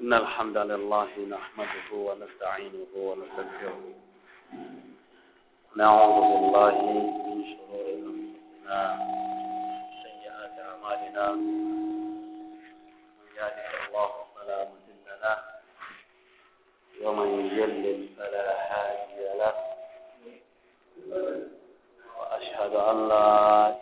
إن الحمد لله نحمده ونستعينه ونستغفره نعوذ بالله من شرور أنفسنا سيئات أعمالنا من يهده الله فلا مضل له ومن يضلل فلا هادي له وأشهد أن لا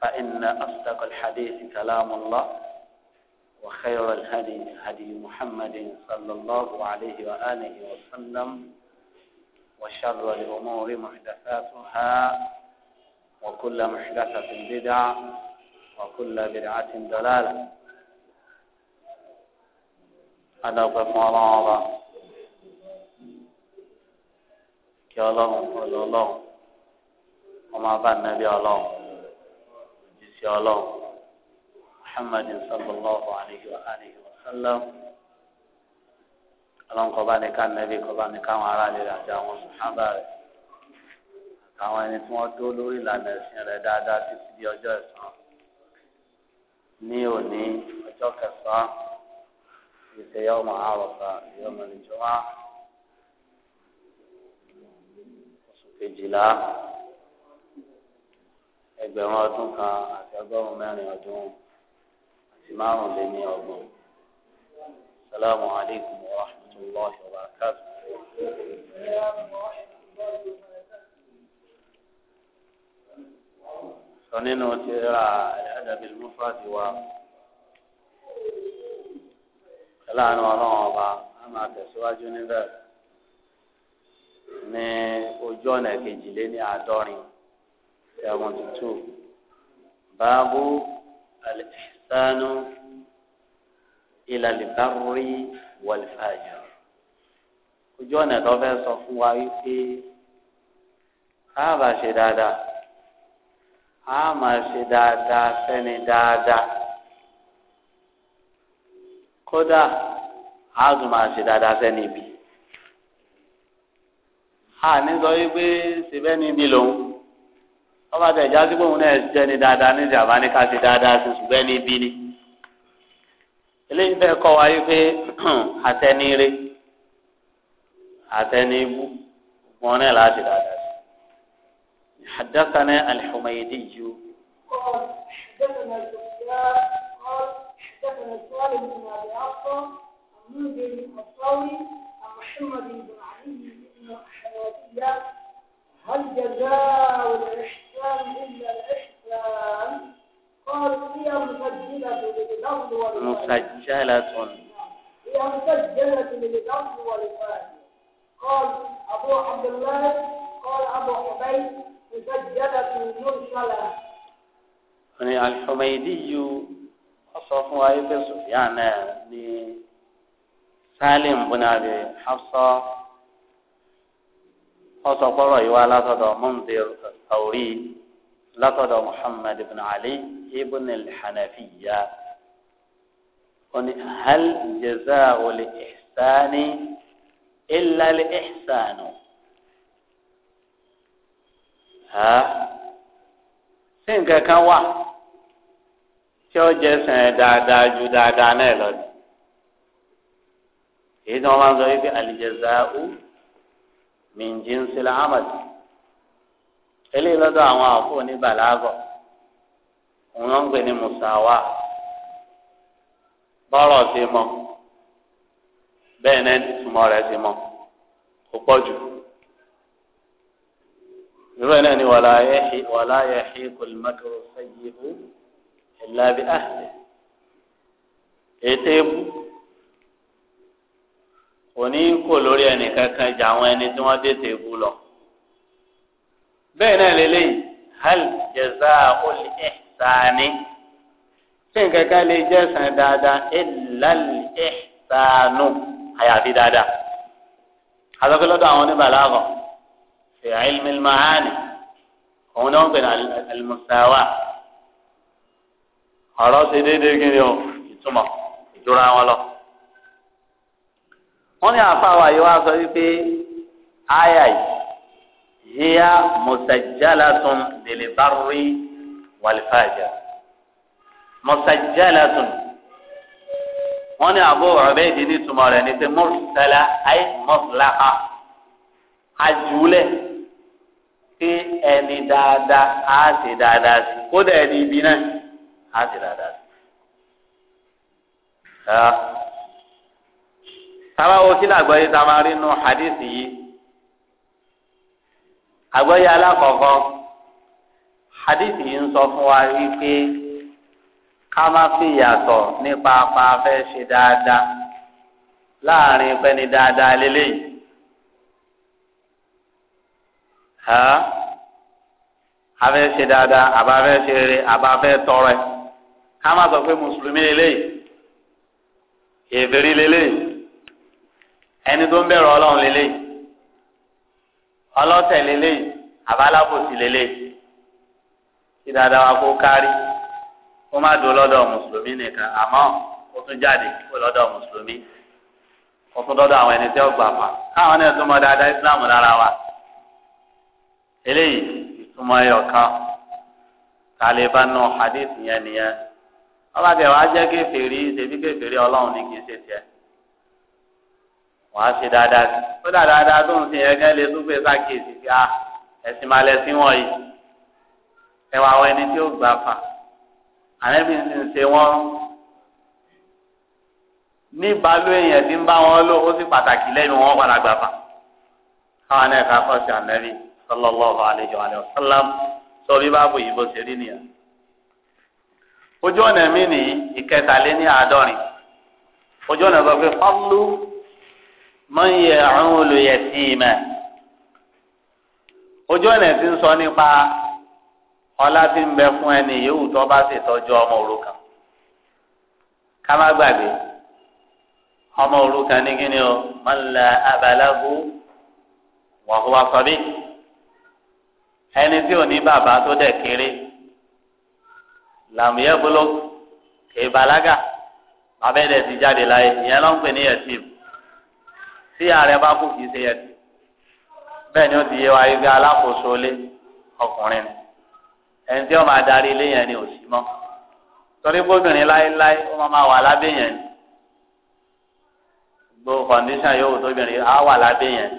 فإن أصدق الحديث كلام الله وخير الهدي هدي محمد صلى الله عليه وآله وسلم وشر الأمور محدثاتها وكل محدثة بدعة وكل بدعة دلالة أنا قسم الله كي الله الله وما بان نبي الله òjíṣẹ́ ọlọ́run muhammad sallallahu alayhi wa alihi wa sallam ọlọ́run kọ́ bá ní ká nẹ́bí kọ́ bá ní káwọn aráàlú rẹ̀ àti àwọn sùnhábà rẹ̀ àtàwọn ẹni tí wọ́n tó lórí ìlànà ẹ̀sìn rẹ̀ dáadáa títí di ọjọ́ ẹ̀san ní òní ọjọ́ kẹsàn-án ìṣẹ̀yà ọmọ àròsà ìyọmọ ìjọba oṣù kejìlá ẹgbẹ̀rún ọdún kan àti ọgọ́rùn-ún mẹ́rin ọdún àti márùn-ún lé ní ọgbọ̀n. Salaamu alaykum wa rahmatullahi wa barakatuh. Sọ nínú tírà Al-Adab al wa láàánú ọlọ́run ọba a máa tẹ̀síwájú níbẹ̀ ní ojú ọ̀nà kejìléní àádọ́rin seventy two báàbù alẹ́sánú ìlàlìbárí wàlìfàjà ojú ọ̀nà tó fẹ́ sọ fún wa wípé káàbà ṣe dáadáa a máa ṣe dáadáa sẹ́ni dáadáa kódà a tún máa ṣe dáadáa sẹ́ni ibi a ní sọ wípé ṣe bẹ́ẹ̀ ni ibi lòun ọba tẹ̀ jáde pé òun náà jẹ́ ni dáadáa ní ìjàmbá ní ká ti dáadáa sí ṣùgbẹ́ ní ibi ni. eléyìí bẹ́ẹ̀ kọ́ wa pé àtẹnire àtẹnibu wọn náà láti dáadáa sí. حدثنا الحميدي قال حدثنا سفيان سالم بن ابي عصا عن منذر الانصاري محمد بن علي بن الحواديه هل جزاء الاحسان الإسلام إلا الإحسان قالوا هي مسجلة للأرض والمال مسجلة هي مسجلة للأرض والمال قال أبو عبد الله قال أبو عبيد مسجلة مرسلة يعني الحميدي أصفه أيضا سفيان يعني سالم بن أبي حفصة wọ́n sọ kọ́rọ̀ yìí wá látọ̀dọ̀ Mundhir Thawri látọ̀dọ̀ Muhammad ibn Ali ibn al-Hanafiya oni hal jaza'u al-ihsani illa al-ihsanu ha ṣé nǹkan kan wà tí ó jẹ́ sẹ́n dáadáa ju dáadáa náà lọ èyí tí wọ́n máa ń sọ wípé al-jaza'u. min jinsil amal eléyìí lọ́dọ̀ àwọn àfọ oníbàlágọ̀ òun ló ń pè ní musawa bọ́rọ̀ ti mọ bẹ́ẹ̀ náà ìtumọ̀ rẹ̀ ti mọ kó pọ̀ jù irú ẹ̀ náà ni wàlá yẹ̀hí wàlá yẹ̀hí kòlìmọ́tò ìlú ẹ̀ lábẹ́ àhẹ́ ètè ebú òní kò lórí ẹnìkankan jà àwọn ẹni tí wọ́n dé tèébù lọ. bẹ́ẹ̀ náà lélẹ́yìn hal jazaa'ul ihsani ṣé nǹkan kan lè jẹ́ sàn dáadáa illal ihsanu àyàfi dáadáa. àtọ́kẹ́lọ́dọ̀ àwọn oníbàlágọ̀ fi ilmil ma'ani òun náà ń pè ní ọ̀rọ̀ ṣe déédéé kí o ìtumọ̀ ìdúrà wọn lọ wọ́n ní àfa wa yìí wá sọ wípé àyà yìí hiya musajjalatun lilbarri walfaja musajjalatun wọ́n ní Abu Ubaydi ní ìtumọ̀ rẹ̀ ní pé mursala ay mọ́sálàkà àjùlẹ̀ pé ẹni dáadáa á sì dáadáa sí kódà ẹni ibi náà á sì dáadáa sí tábàwọ kí làgbọ́yé tá a máa rí nu hadith yìí àgbọ́yé alákọ̀ọ́kọ́ hadith yìí ń sọ fún wa wípé ká má fi yàtọ̀ nípa apá fẹ́ ṣe dáadáa láàrin pẹ́ni dáadáa lélẹ́yìí. afẹ́ ṣe dáadáa àbá fẹ́ ṣe rere àbá fẹ́ tọrẹ ká má sọ pé mùsùlùmí lélẹ́yìí èbèrè lélẹ́yìí. ẹni tó ń bẹ̀rù ọlọ́run lélẹ̀ ọlọ́tẹ̀ lélẹ̀ àbálábòsí lélẹ̀ kí dáadáa wa kó kárí kó má dùn lọ́dọ̀ mùsùlùmí nìkan àmọ́ ó tún jáde kó lọ́dọ̀ mùsùlùmí tún àwọn Islam lára wa eléyìí ìtumọ̀ ẹyọ kan hadith yẹn nìyẹn tẹ jẹ́ kéferì ṣèbí kéferì ọlọ́run ní kì wàá ṣe dáadáa sí ó dà dáadáa tó ń sin yẹn gẹ́gẹ́ lè tún pè sákèsì sí a ah, ẹ̀sìn máa lẹ́sìn wọ̀nyí ẹwà àwọn ẹni tí ó gbà fà àrẹ́bí ń sin ṣe wọ́n níbalú èèyàn ti ń bá wọn lò ó sì pàtàkì lẹ́yìn wọn padà gbà fà káwọn náà ká kọ́ sí ànẹ́bí sallallahu alayhi wa sallam sọ bí báàbò yìí bó ṣe rí nìyẹn ojú ọ̀nà mi nìyí ìkẹtàléní àádọ́rin ojú ọ̀nà sọ pé fọ́lú man ya'ulu yatima ojú ọ̀nà tí ń sọ nípa ọlá tí ń bẹ fún ẹni yòówù tó bá sì tọ́jú ọmọ òrukàn ká má gbàgbé ọmọ òrukàn ní kíni o man la abalahu wa huwa sabi ẹni tí ò ní bàbá tó dẹ̀ kéré làmúyẹ́ bolo kì í balaga bàbá ti jáde láyé ìyẹn ló ń pè ní yẹtìm tí ààrẹ bá kú kì í ṣe yẹn ti bẹ́ẹ̀ ni ó ti yé wa ibi alákòóso lé ọkùnrin ni ẹni tí ó máa darí ilé yẹn ni ò sí mọ́ torí gbóbìnrin láéláé ó máa wà lábẹ́ yẹn ni gbogbo kọ̀ǹdíṣàn yóò tóbìnrin á wà lábẹ́ yẹn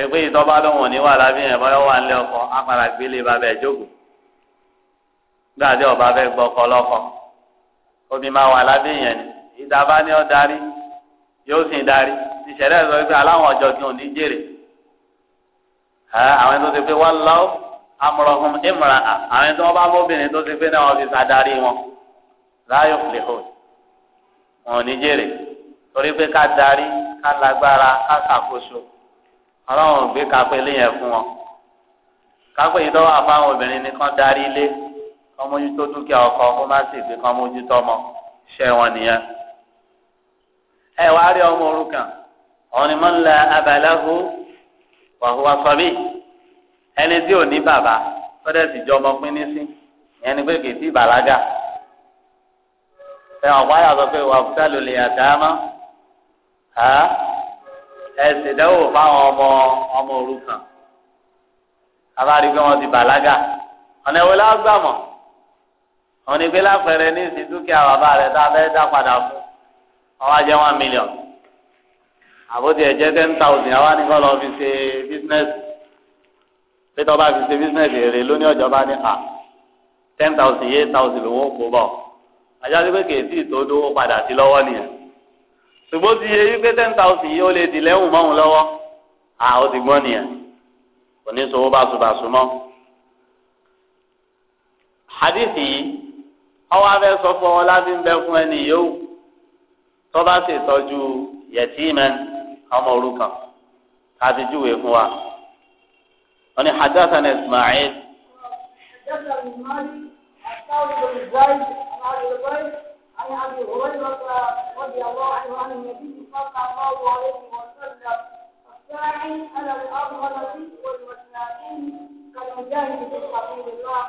ẹ pé ìtọ́ba lóhùn ní wà lábẹ́ yẹn bọ́yọ̀ wà nílé ọkọ apara gbélé bàbá ẹ̀ gbàdé ọba fẹ́ gbọ́ ọkọ omi máa wà lábẹ́ yẹn ìdábá ni ó darí yóò sì darí ìṣẹ̀lẹ̀ sọ pé aláwọn ọjọ́ kí wọn ní jèrè àwọn ẹni tó ti pé wọn lọ amúrọ̀hún ìmúra àwọn ẹni tó wọn bá mọ́bìnrin tó ti pé náà wọn fi sadarí wọn láyò fìlẹ̀hó wọn ò ní jèrè torí pé ká darí ká lágbára ká ṣàkóso ọlọ́run gbé kápẹ́ léyìn fún wọn kápẹ́ yìí dọ́wọ́ àfáwọn obìnrin ni darí ilé kán dúkìá ọkọ kó má sì gbé kán ọmọ iṣẹ́ wọn nìyẹn ẹ wá rí ọmọ òrukàn ọ̀nì mọ́ ńlá abaláwo wàhùwà sọ́bí ẹni tí ò ní bàbá tọ́dẹ̀ sì jọ ọmọ pín ní sí ẹni pé kìí sí ìbàlágà ẹ ọ̀pá yà sọ pé wàhùsá ló lè àdámọ́ ẹ ṣèdánwò fáwọn ọmọ ọmọ òrukàn abáàrí pé wọ́n ti bàlágà ọ̀nà ìwọlé àgbàmọ̀ ọ̀nà ìgbélé ní ìsìn dúkìá bàbá rẹ̀ tá a fẹ́ dá padà fún ọwọ́ ajẹ́ one million àbótí ẹ̀jẹ̀ ten thousand àwa ní kọ́ lọ fi ṣe business pété ọba fi ṣe business èrè lóní ọjọ́ bá ní à ten thousand eight thousand lówó kó bọ̀ àjọṣe pé kèétí ìtòdó padà sí lọ́wọ́ nìyẹn ṣùgbọ́n ti yẹ wípé ten thousand yìí ó lè dì lẹ́hùn mọ́hùn lọ́wọ́ à ó ti gbọ́n nìyẹn kò ní sọ báṣubàṣu mọ́ hadith yìí ọwọ́ abẹ́ sọ fún ọ láti ń bẹ fún ẹni yòówù. tọ́ba sì tọ́jú yẹtìmẹ́ ọmọ òrukàn àti júwèé fún wa. wọ́n ní hadathana ismail. hadathana ismail àtàwọn olùgbàyè àwọn olùgbàyè. عن ابي هريره رضي الله عنه عن النبي صلى الله عليه وسلم الساعي على الارمله والمساكين كالمجاهد في سبيل الله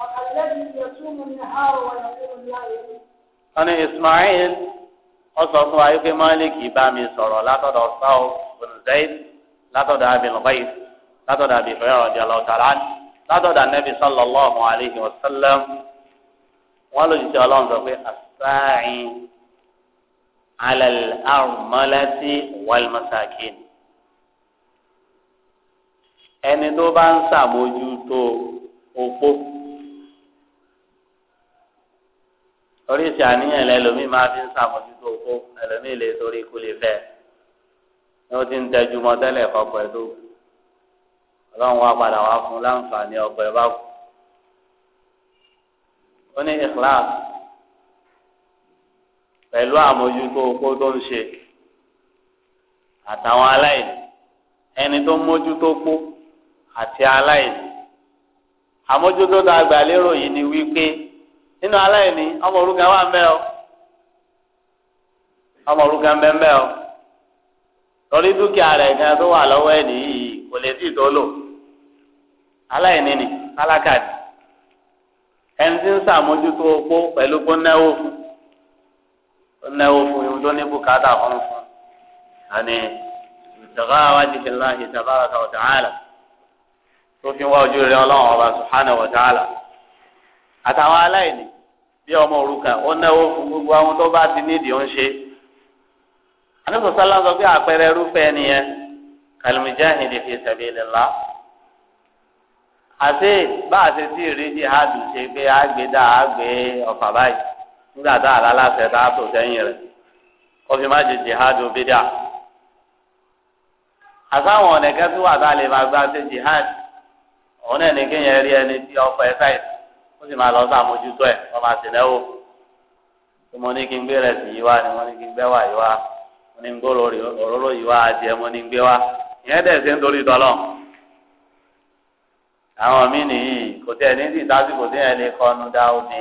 وكالذي يصوم النهار ويقوم الليل. انا اسماعيل ó sọ fún wa wípé máàlìkì bá mi sọ̀rọ̀ látọ̀dọ̀ sáwọ́ bùnzẹ́ẹ̀d látọ̀dọ̀ abìlùbáyì látọ̀dọ̀ abìfẹ́ radiyallahu ta'ala látọ̀dọ̀ anẹ́bí sallallahu alayhi wa sallam wọ́n lòdì sí ọlọ́run sọ pé as-sa'i ala al-armalati wal ẹni tó bá ń sàmójútó opó. oríṣi àníyàn lẹ́lòmíì máa fi ń sàmójútó oko ẹlòmíì lè torí ikú lè fẹ́ ni ó ti ń tẹjú mọ́ tẹ́lẹ̀ kọ́pọ̀ ẹ̀ tó ọlọ́run wá padà wá fún láǹfààní ọ̀pọ̀ bá kú. ó ní ikhlas pẹ̀lú àmójútó oko tó ń ṣe àtàwọn aláìní ẹni tó ń mójútó kó àti aláìní àmójútó tá a yìí ni wípé. nínú aláìní ọmọ òrukàn wà ń ọmọ òrukàn bẹ ń bẹ o torí dúkìá rẹ̀ gan tó wà lọ́wọ́ ẹ̀ nìyí kò lè tí tó aláìní ni alákàtì ẹni tí ń sàmójútó opó pẹ̀lú náwó fún náwó fún tó ní bùkátà fún fún àní wa tó fi wá ojú ọlọ́run ọba àtàwọn aláìní bí ọmọ òrukàn ó náwó fún gbogbo àwọn tó bá ti nídìí ó ń ṣe anáṣọ sálá sọ pé àpẹẹrẹ irúfẹ́ nìyẹn kàlùmíjáhìndì fi la àti bá a ṣe sí ìrí jihad ṣe pé a gbé dá a gbé ọ̀fà báyìí nígbà tá a lálàṣẹ tá a tò sẹ́yìn rẹ̀ ó fi má ṣe jihad bídà àtàwọn ọ̀nà kẹ́tù wà tá lè máa gbá ṣe jihad òun náà ní kéèyàn rí ẹni tí ọkọ̀ ẹ̀ sáìsì wọ́n sì máa lọ sàmójútó ẹ̀ wọ́n máa tẹ̀lé tí mo ní kí n gbé rẹ̀ sí yìí wá ni mo ní kí n gbé wà yìí wá mo ní gbó lórí òróró yìí wá adìẹ mo ní gbé wá ìyẹn dẹ̀ ṣe ń torí tọ́lọ̀ àwọn míì nìyí kò tẹ̀ ní ti tásìkò tí yẹn lè kọ́nu dá omi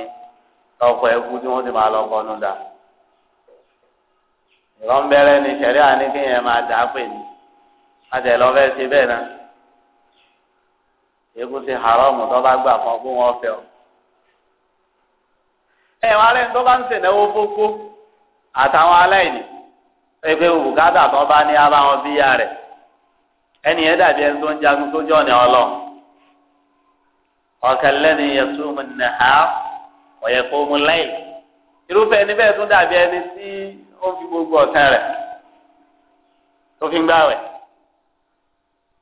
lọ́kọ̀ ẹ̀kú tí wọ́n sì máa lọ kọ́nu dá ìrọ̀mbẹ́rẹ́ ni sẹ̀rí àní kí yẹn máa dà á pè ní àtẹ̀ lọ ṣe bẹ́ẹ̀ náà èkó ti haramu tó bá gbà fún ọ kó wọ́n ẹ wọn alẹ́ tó bá ń sèǹdẹ́wó fókó àtàwọn aláìní pẹ̀pẹ́ bùkátà tó bá ní abá wọn bíyà rẹ̀ ẹni yẹn dàbí ẹni tó ń jagun sójú ọ̀nà ọlọ́ ọ̀kẹ́lẹ́ni yẹtùmù nàá ọ̀yẹ̀kọ́mù láyìn irúfẹ́ ẹni bẹ́ẹ̀ tún dàbí ẹni tí ó fi gbogbo ọ̀sán rẹ̀ tó fi ń gbàwẹ̀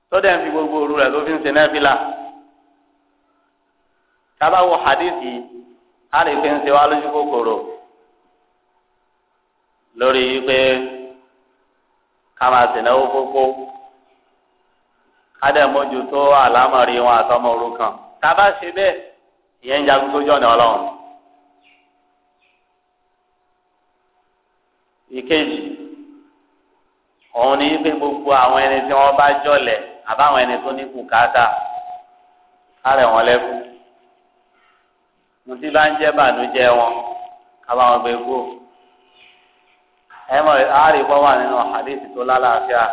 tó dẹ̀ ń fi gbogbo òru rẹ̀ tó fi ń ṣe náfìlà ká bá wo hadith yìí àrífín ń ṣe wá lójú kòkòrò lórí pé ká máa sìnáwó pópó ká dẹ̀ mójútó àlámọ̀rí wọn àtọmọ òrukàn ká bá ṣe bẹ́ẹ̀ ìyẹn ń jagun sójú ọ̀nà ọlọ́run. ìkejì òun ni pé gbogbo àwọn ẹni tí wọ́n bá jọ̀lẹ̀ àbáwọn ẹni tó ní kùkátà ká rẹ̀ wọ́n lẹ́kùn mutí bá ń jẹ́ bànújẹ́ wọn kábà wọn gbé kú. ẹ mọ̀ àárí pọ́ wà nínú àdéhìí tó lálàáfíà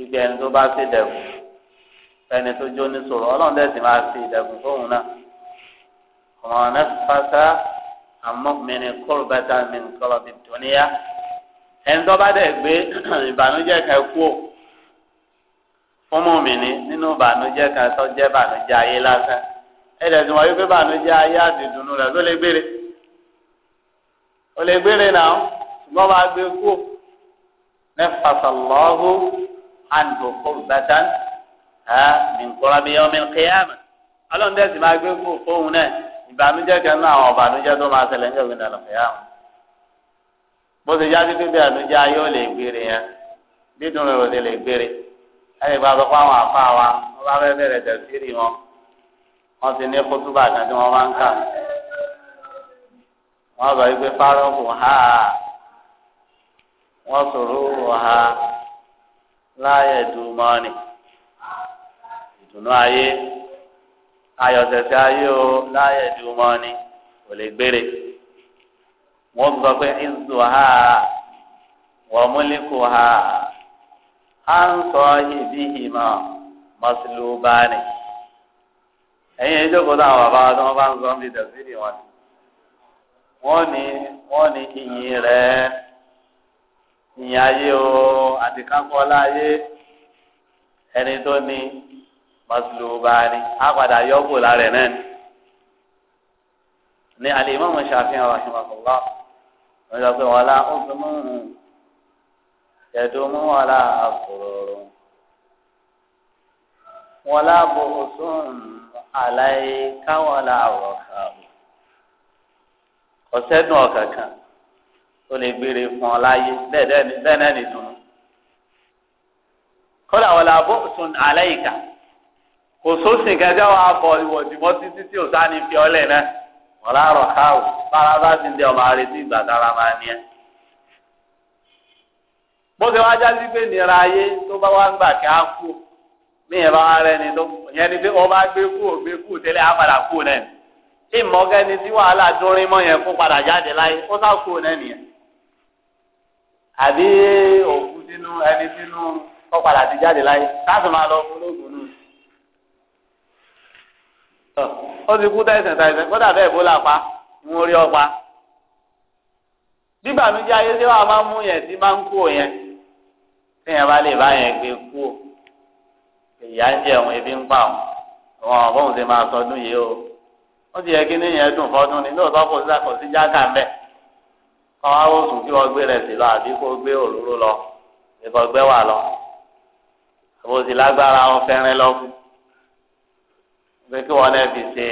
ìgbẹ́ ẹni tó bá ṣe dẹ̀kun ẹni tó jó ní sòrò ọlọ́run dẹ̀ sì máa ṣe ìdẹ̀kun fóun náà. ọ̀ràn náà fásá àmọ́kùnrin kọ́rọ̀ bàtà mi kọ́rọ̀ bí tóníyà ẹni tó bá dẹ̀ gbé ìbànújẹ́ kan kú fún mọ̀mìnì nínú ìbànújẹ́ kan tó jẹ́ ìbànújẹ́ ayé lásán ẹ̀dẹ̀ tí wọ́n yóò fẹ́ bànújẹ́ ayé àdìdùnnú rẹ̀ ló lè gbére ó lè gbére náà ṣùgbọ́n máa gbé kú nẹ́fàṣàlọ́hù àǹdùkú bàtàn ẹ̀ nìkúra bí ọmọ ìkẹyàmù ọlọ́run dẹ́sì máa gbé kú fóun náà ìbànújẹ́ kan náà àwọn ìbànújẹ́ tó máa ṣẹlẹ̀ níjọ́ ìgbìnà ìkẹyàmù bó ṣe yá títí bí ànújẹ́ ayé ó lè gbére yẹn bí dùn rẹ̀ ò lè gbére ẹ̀ wọ́n ti ní kótóbà kan tí wọ́n máa ń kà wọ́n ha wọ́n sọ̀rọ̀ ha láyé dùmọ́ni ìdùnnú ayé ayọ̀sẹ̀sẹ̀ ayé o láyé dùmọ́ni kò lè gbére wọ́n sọ pé ìzù wọ́n ha à ń sọ ìmọ̀ ẹ̀yin ìjókòó náà àwọn bàbá tó wọ́n bá ń sọ ń bi tẹ̀síìrì wọn ni wọ́n ní wọ́n ní ìyìn rẹ̀ ìyìn ayé o àti kánkọ́lá ayé ẹni tó ní mọ́sùlùmá ni á padà yọ́kù lára ẹ̀ náà ni. ní alimami Shafi'i rahimahullah wọ́n sọ pé wọ́n lá ọ̀gbìn yẹ̀dùnmú wọ́n lá àkùrọ̀rọ̀ wọ́n lá bọ̀ ọ̀sùn àlàyéká wọn la ọ̀rọ̀ kan ọ̀sẹ́dùn ọ̀kàn kan ó lè gbére fún ọ láyé bẹ́ẹ̀ náà nìdùnnú kọ́lá wọn la bó sun àlàyéká kò sósìn kẹjọ wa bọ̀ ìwọ̀ dìbọ́ títí tí òsá ni fi ọlẹ̀ náà wọn la rọ̀ ká o bára bá ti ń dẹ ọmọ àrètí ìgbà tára máa ní ẹ bó ṣe wá jáde pé nira ayé tó bá wá ń gbà kí á kú míyẹn bá rẹ ni tó yẹn ni pé ọba gbé kú ò gbé kú tẹ́lẹ̀ á padà kú náà tí mọgẹni tí wàhálà dúnrín mọ yẹn fún padà jáde láyé ó sá kú náà nìyẹn àbí òkú sínú ẹni sínú kọ padà ti jáde láyé káàtó máa lọ fún lóògùn nù. ó ti kú tẹ̀sán tẹ̀sán kódà bẹ́ẹ̀ bó la ń rí ọ bíbà mi jẹ́ ayé tí wàá máa mú yẹn tí máa ń kú yẹn tí yẹn bá lè bá yẹn gbé kú o ìyá ń jẹ òun ebi ń pa òun wọn bóun ṣe máa sọdún yìí o ó ti yẹ kí níyẹn dùn fọdún ni lóòótọ́ kò sí àkọsí jáká ń bẹ̀ kọ́ wá kí wọ́n gbé rẹ̀ sí lọ àbí kó gbé òróró lọ ìkọ̀ gbẹ́ wà lọ àbòsí lágbára wọn fẹ́rẹ́ lọ́kù pé kí wọ́n náà fi ṣe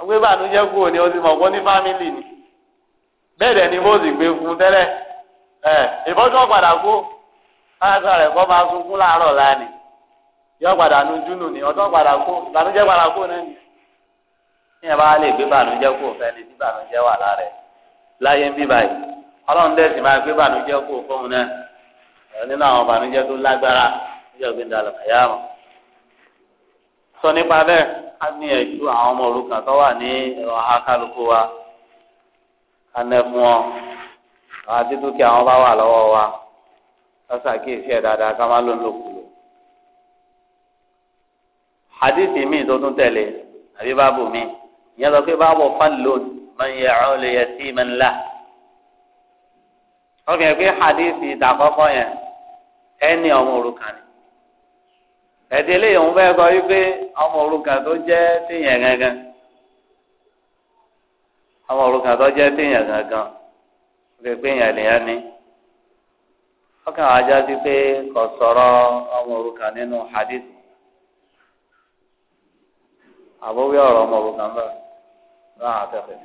ọgbẹ́ ìbànújẹ́ kúrò ní oṣù mọ̀gbọ́n ní fámìlì ni bẹ́ẹ̀ dẹ̀ ni mo gbé fún tẹ́lẹ̀ ẹ̀ ìfọ́sọ́ padà kú káàkiri yọ padà nu dúnù ní ọdún padà kó bànújẹ́ padà kó náà ni ní ẹ bá lè gbé bànújẹ́ kó fẹ́ni tí bànújẹ́ wà lára ẹ láyé ń bí báyìí Ọlọ́run dẹsí máa gbé bànújẹ́ kó fóun náà ẹ nínú àwọn bànújẹ́ tó lágbára níjọ gbé ndàlọ ẹyà mọ sọ nípa bẹ́ẹ̀ a ní ẹjú àwọn ọmọ òrukàn tó wà ní ẹ̀rọ akálukú wa ká nẹ fún ọ àti dúkìá wọn bá wà lọ́wọ́ wa lọsàkíyèsí ẹ dáadáa ká má ló ń hadithi mi tó tún tẹ̀lé àbí báàbò mi ìyẹn lọ pé báàbò fáńlóòdù máa ń yẹ lè yẹ tí mà ń wọ́n fi hàn pé hadithi ìtàkọ́kọ́ yẹn ẹni ọmọ òrukàn ni. ẹ̀dí eléyìí òun fẹ́ sọ wípé ọmọ òrukàn tó jẹ́ gangan. ọmọ òrukàn tó jẹ́ gangan. ni. àbọ̀wé ọ̀rọ̀ ọmọ òrukàn bẹ́ẹ̀ náà àtẹ̀fẹ̀.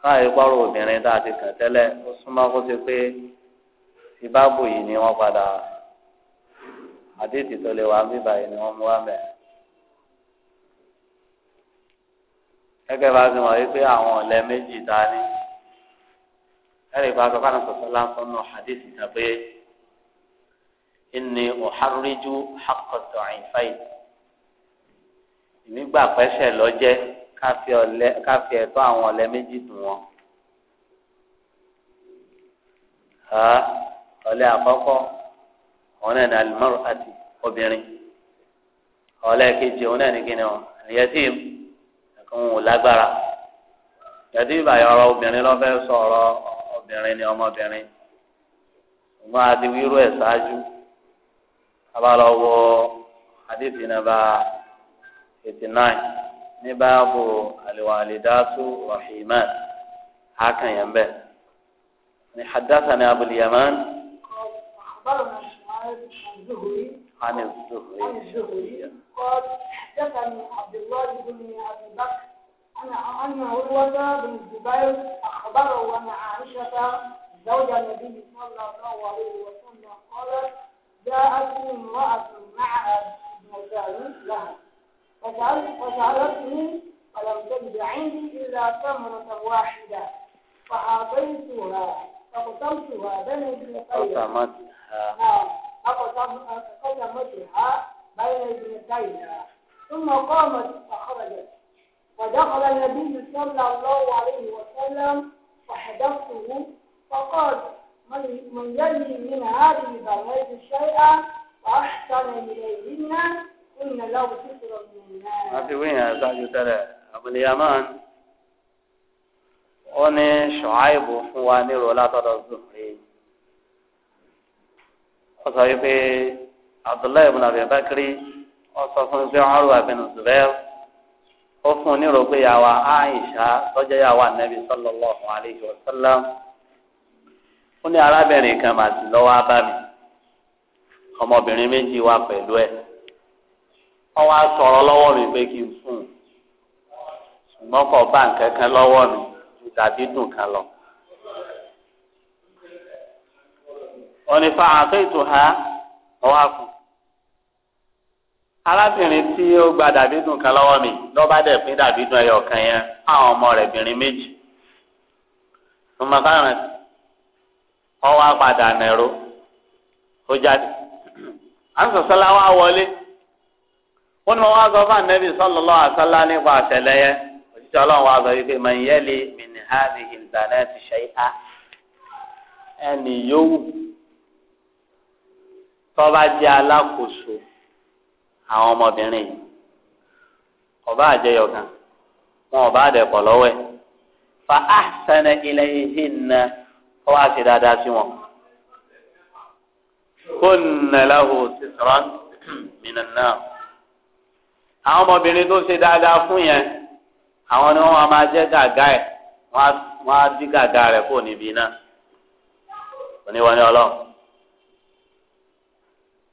káàyè pàrọ̀ obìnrin tá a ti kàn tẹ́lẹ̀ ó súnmọ́ kó ṣe pé ti yìí ni wọ́n padà àdéhìí tó lè wá bíbá yìí ni wọ́n mú wá mẹ́ẹ̀. gẹ́gẹ́ bá ti mọ̀ wípé àwọn ọ̀lẹ́ méjì ta ni ẹ̀rì bá sọ fún àtọ̀tọ̀ lásán náà àdéhìí tàbí inni uharriju haqqat da'ifayn nígbà pẹ́sẹ̀ lọ́jẹ́ ká fi ẹ̀tọ́ àwọn ọ̀lẹ méjì dùn wọn. ọ̀lẹ àkọ́kọ́ òun náà ní alimọ́rù àti obìnrin ọ̀lẹ kejì òun náà ní kíni ọ àlìyẹ́tìm ẹ̀kọ́ wọn ò lágbára yàtí ìbàyọ̀ ọ̀rọ̀ obìnrin lọ́fẹ́ sọ ọ̀rọ̀ obìnrin ni ọmọbìnrin ṣùgbọ́n a ẹ̀ ṣáájú abalọ́wọ́ adébìnrin bá a. 89 ní báàbò àlewàlídàtú rahiman hakan yambe bẹ́ẹ̀ ní hadathana abul yaman. أخبرنا الزهري عن الزهري عن الزهري قال حدثني عبد الله بن أبي بكر أنا أن عروة بن الزبير أخبره أن عائشة زوج النبي صلى الله عليه وسلم قالت جاءت امرأة معها ابن لها وجعلتني فلم تجد عندي إلا ثمرة واحدة فأعطيتها فقسمتها بين ابنتيها فقسمتها نعم. بين ابنتيها ثم قامت فخرجت ودخل النبي صلى الله عليه وسلم فحدثته فقال من يلي من هذه البنات شيئا فأحسن إليهن wọ́n ti wí tẹ́lẹ̀ Abul ó ní Ṣuaibu fún wa nírò látọ̀dọ̀ Zuhri ó sọ wípé Abdullahi ibn Abi Bakri ó sọ fún pé Urwa bin Zubair ó fún nírò pé yàwá Aisha lọ́jọ́ yàwá Nabi sallallahu alayhi wa sallam ó ní arábìnrin kan màsí lọ́wọ́ abámi ọmọbìnrin méjì wà pẹ̀lú ẹ̀. wọ́n wá lọ́wọ́ mi pé kí n fún un ṣùgbọ́n kò bá nǹkan kan lọ́wọ́ mi ju tàbí dùn kan lọ. onífà àtẹ̀tù ha ọwọ́ àkùn. arábìnrin tí ó gba dàbí dùn kan lọ́wọ́ mi lọ́ba dẹ̀ pín dàbí dùn ẹyọ kan yẹn àwọn ọmọ rẹ̀ bìnrin méjì. ọmọ ọwọ́ apàdánù ẹ̀rọ ó jáde. wọ́n ní wọ́n wá sọ fún anabi sallallahu alaihi wasallam nípa àṣẹlẹ̀ yẹn òṣìṣẹ́ ọlọ́run wá sọ wípé man yali min hadhihi al-banati shay'a ẹnì yòówù tó bá jẹ́ alákòóso àwọn ọmọbìnrin yìí ọba àjẹyọ̀ kan wọn ọba àdẹ̀pọ̀ lọ́wọ́ ẹ̀ fa ahsana ilayhinna ó wá sí dáadáa sí wọn. kunna lahu sitran minan nar àwọn ọmọbìnrin tó ṣe dáadáa fún yẹn àwọn ni wọn máa jẹ gàgá ẹ wọn á dí gàgá rẹ kó níbi iná oníwọlé Ọlọ́run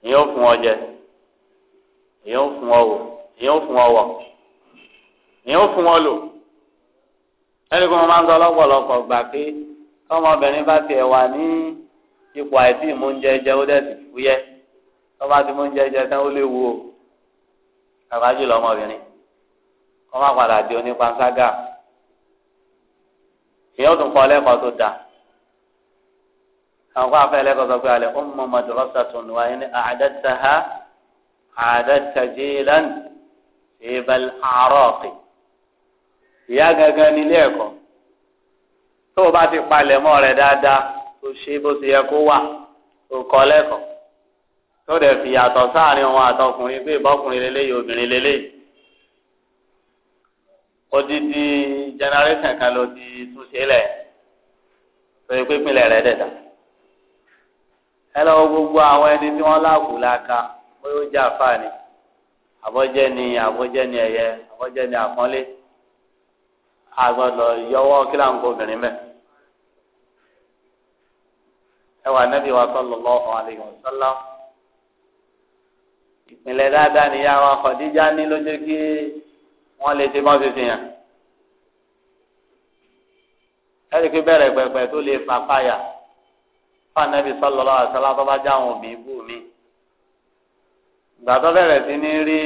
ìyẹn ò fún ọ jẹ ìyẹn ò fún ọ wò ìyẹn ò fún ọ wọ ìyẹn ò fún ọ lò ẹni wọn máa ń sọ lọ́pọ̀lọpọ̀ gbà pé tọmọbìnrin bá tiẹ̀ wà ní ipò àìsí ìmúnjẹjẹ ó dẹ̀ sì fúyẹ́ tọ́ bá ti múnjẹjẹ tán ó léwu o àbájú lọmọbìnrin kọ́ má padà di onípanṣágà ìyẹn ó tún kọ́ lẹ́kọ̀ọ́ tó dáa àwọn kó afẹ́ lẹ́kọ̀ọ́ sọ pé alẹ́ ọmọ madrasa tó nù wáyé ní àdàtà ha àdàtà àrọ́ọ̀kì ìyá gangan nílé ẹ̀kọ́ tó o bá ti palẹ̀ mọ́ rẹ̀ dáadáa tó ṣe bó ti yẹ kó wà tó kọ́ lẹ́kọ̀ọ́. de fi yàtọ̀ sáàrin wọn àtọkùnrin pé ìbọ́kùnrin lélẹ́yìí obìnrin lélẹ́yìí odidi generation kan ló ti túnṣe lẹ̀ torí pípínlẹ̀ rẹ̀ dẹ̀dà ẹ gbogbo àwọn ẹni tí wọ́n láàbù láka bóyá yóò jẹ́ àfààní àbọ̀jẹ́ ni àbọ̀jẹ́ ni ẹ̀yẹ àbọ̀jẹ́ ni àpọ́nlé àgbọ̀dọ̀ yọwọ́ obìnrin mẹ́ ẹ wà nẹ́bí wa ìpìlẹ̀ dáadáa nìyá wa Khadija ní ló jẹ́ kí wọ́n lè ṣe mọ́ fífi hàn ẹ̀rí pé bẹ̀rẹ̀ pẹ̀pẹ̀ tó lè fà fàyà fànẹ́bí sallallahu alaihi wasallam tó bá já àwọn òbí bù mí ìgbà tó bẹ̀rẹ̀ sí ní rí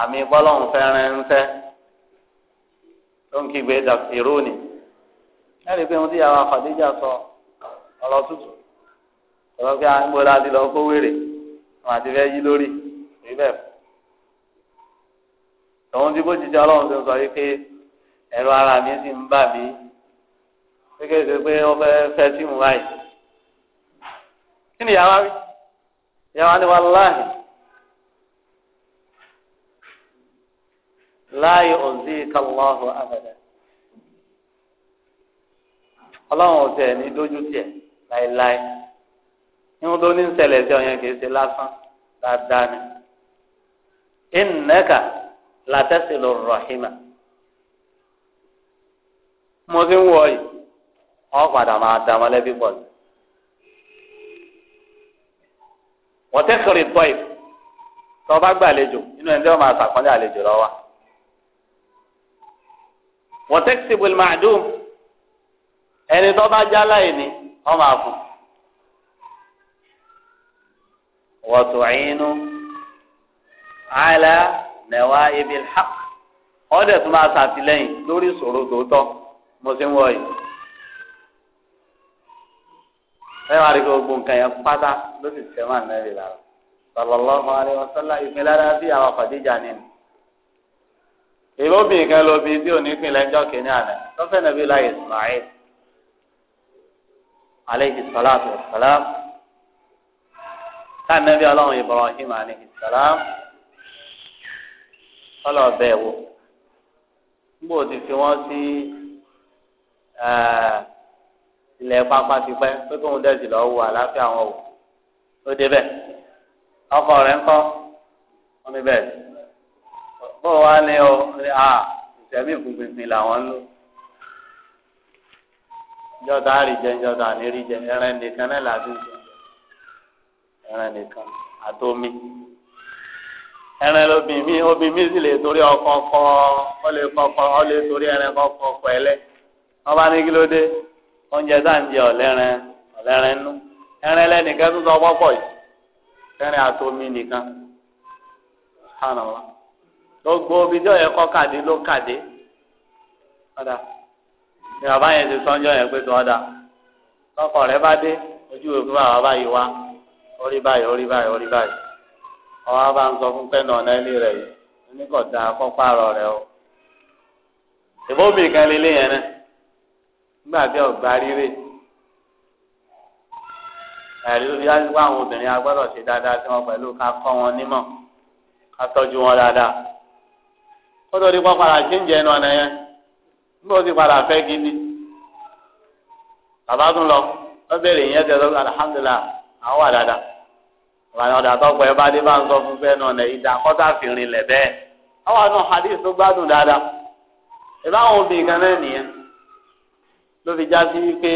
àmì bọ́lọ́hún fẹ́ràn ń fẹ́ tó ń kígbe dàfíró ni ẹ̀rí pé ohun tí yàrá Khadija sọ ọ̀rọ̀ tútù ọ̀rọ̀ pé à kó wéré. wọn àti fẹ́ yí lórí bẹ́ẹ̀. tòun tí bó sọ wípé ẹ̀rọ ara mi sì ń bà mí pé wọ́n fẹ́ fẹ́ báyìí. kí ni ni láàyè ọlọ́run ní dójú tiẹ̀ láéláé. ìwọ́n tó ní ṣẹlẹ̀ sí ọ̀yàn kìí ṣe lásán dáadáa ni. ìnẹ́ka làtẹ́sí ló rọ̀hìmà. mo ti ń wọ yìí wọ́n padà máa da mọ́lẹ́bí pọ̀ sí. wọ́n tẹ́ kiri tọ́ yìí tọ́ bá gbàlejò inú ẹni tí wọ́n máa ṣàpọ́nlé àlejò lọ́wọ́. wọ́n tẹ́ kisi ẹni tọ́ bá jálá ni wọ́n máa fún un. wọ̀tùnínú àìlà nẹ̀wá ibi hàk ọ̀dẹ̀ máa ṣàtìlẹ́yìn lórí ìṣòro tòótọ́ mo ti ń wọ yìí. ẹ wá rí gbogbo nǹkan yẹn pátá ló sì máa lára sallallahu alaihi wasallam ìpínlẹ̀ bí àwọn Khadija nínú. ìlú obìnrin ló bí nàbí láyé kánẹ́bí ọlọ́run Ibrahim alayhi salam ọlọ́ bẹ́ẹ̀ wo nígbà tí fi wọ́n sí eh, ilẹ̀ pápá ti pẹ́ pé kóun dẹ́sì lọ́ọ́ wo àlàáfíà wọn o ó débẹ̀ ọkọ rẹ̀ ń kọ́ wọ́n mi bẹ́ẹ̀ bó wá ní o a ah, ìṣẹ̀mí ìfúnpinpin làwọn ń lò jọ́ta àríjẹ jọ́ta àníríjẹ ẹran nìkan náà làbí jẹ. ẹran nìkan omi, ẹran lóbi mi obi mi sì lè torí ọkọ kọ ọ lè kọkọ ọ lè torí ẹran kọkọ ọkọ ẹlẹ wọn bá ní kí ló dé oúnjẹ tá ń jẹ ọlẹrin ọlẹrin nú ẹran ẹlẹnìkan tó sọ pọpọ yìí ẹran nìkan omi tí ọyẹ kọ kàdé ló kàdé yẹn ti sọ yẹn pé tó ọdà rẹ bá orí báyìí orí báyìí orí báyìí ọwọ́ bá ń sọ fún pẹ́ẹ́nà ọ̀nà ilé rẹ̀ yìí oníkọ̀dá akọ́pàrọ̀ rẹ̀ o ìbómi kan lélẹ̀ yẹn náà nígbà tí ọ̀gbá rírè ẹ̀rí ló àwọn obìnrin agbọ́dọ̀ ṣe dáadáa sí wọn pẹ̀lú ká kọ́ wọn nímọ̀ ká tọ́jú wọn dáadáa ó tó di pọ́ padà ṣe ń jẹ ẹnu ọ̀nà yẹn nígbà ó padà fẹ́ gidi bàbá tún lọ ó béèrè ìyẹn tẹ lọ́gbà alhamdulilah àwọn wà dáadáa. ọ̀rọ̀ ọ̀dà tọ́pọ̀ ẹ bá dé bá ń sọ fún bẹ́ẹ̀ náà dá fìrìn hadith tó gbádùn dáadáa ìbá àwọn obìnrin kan náà nìyẹn ló fi já sí wípé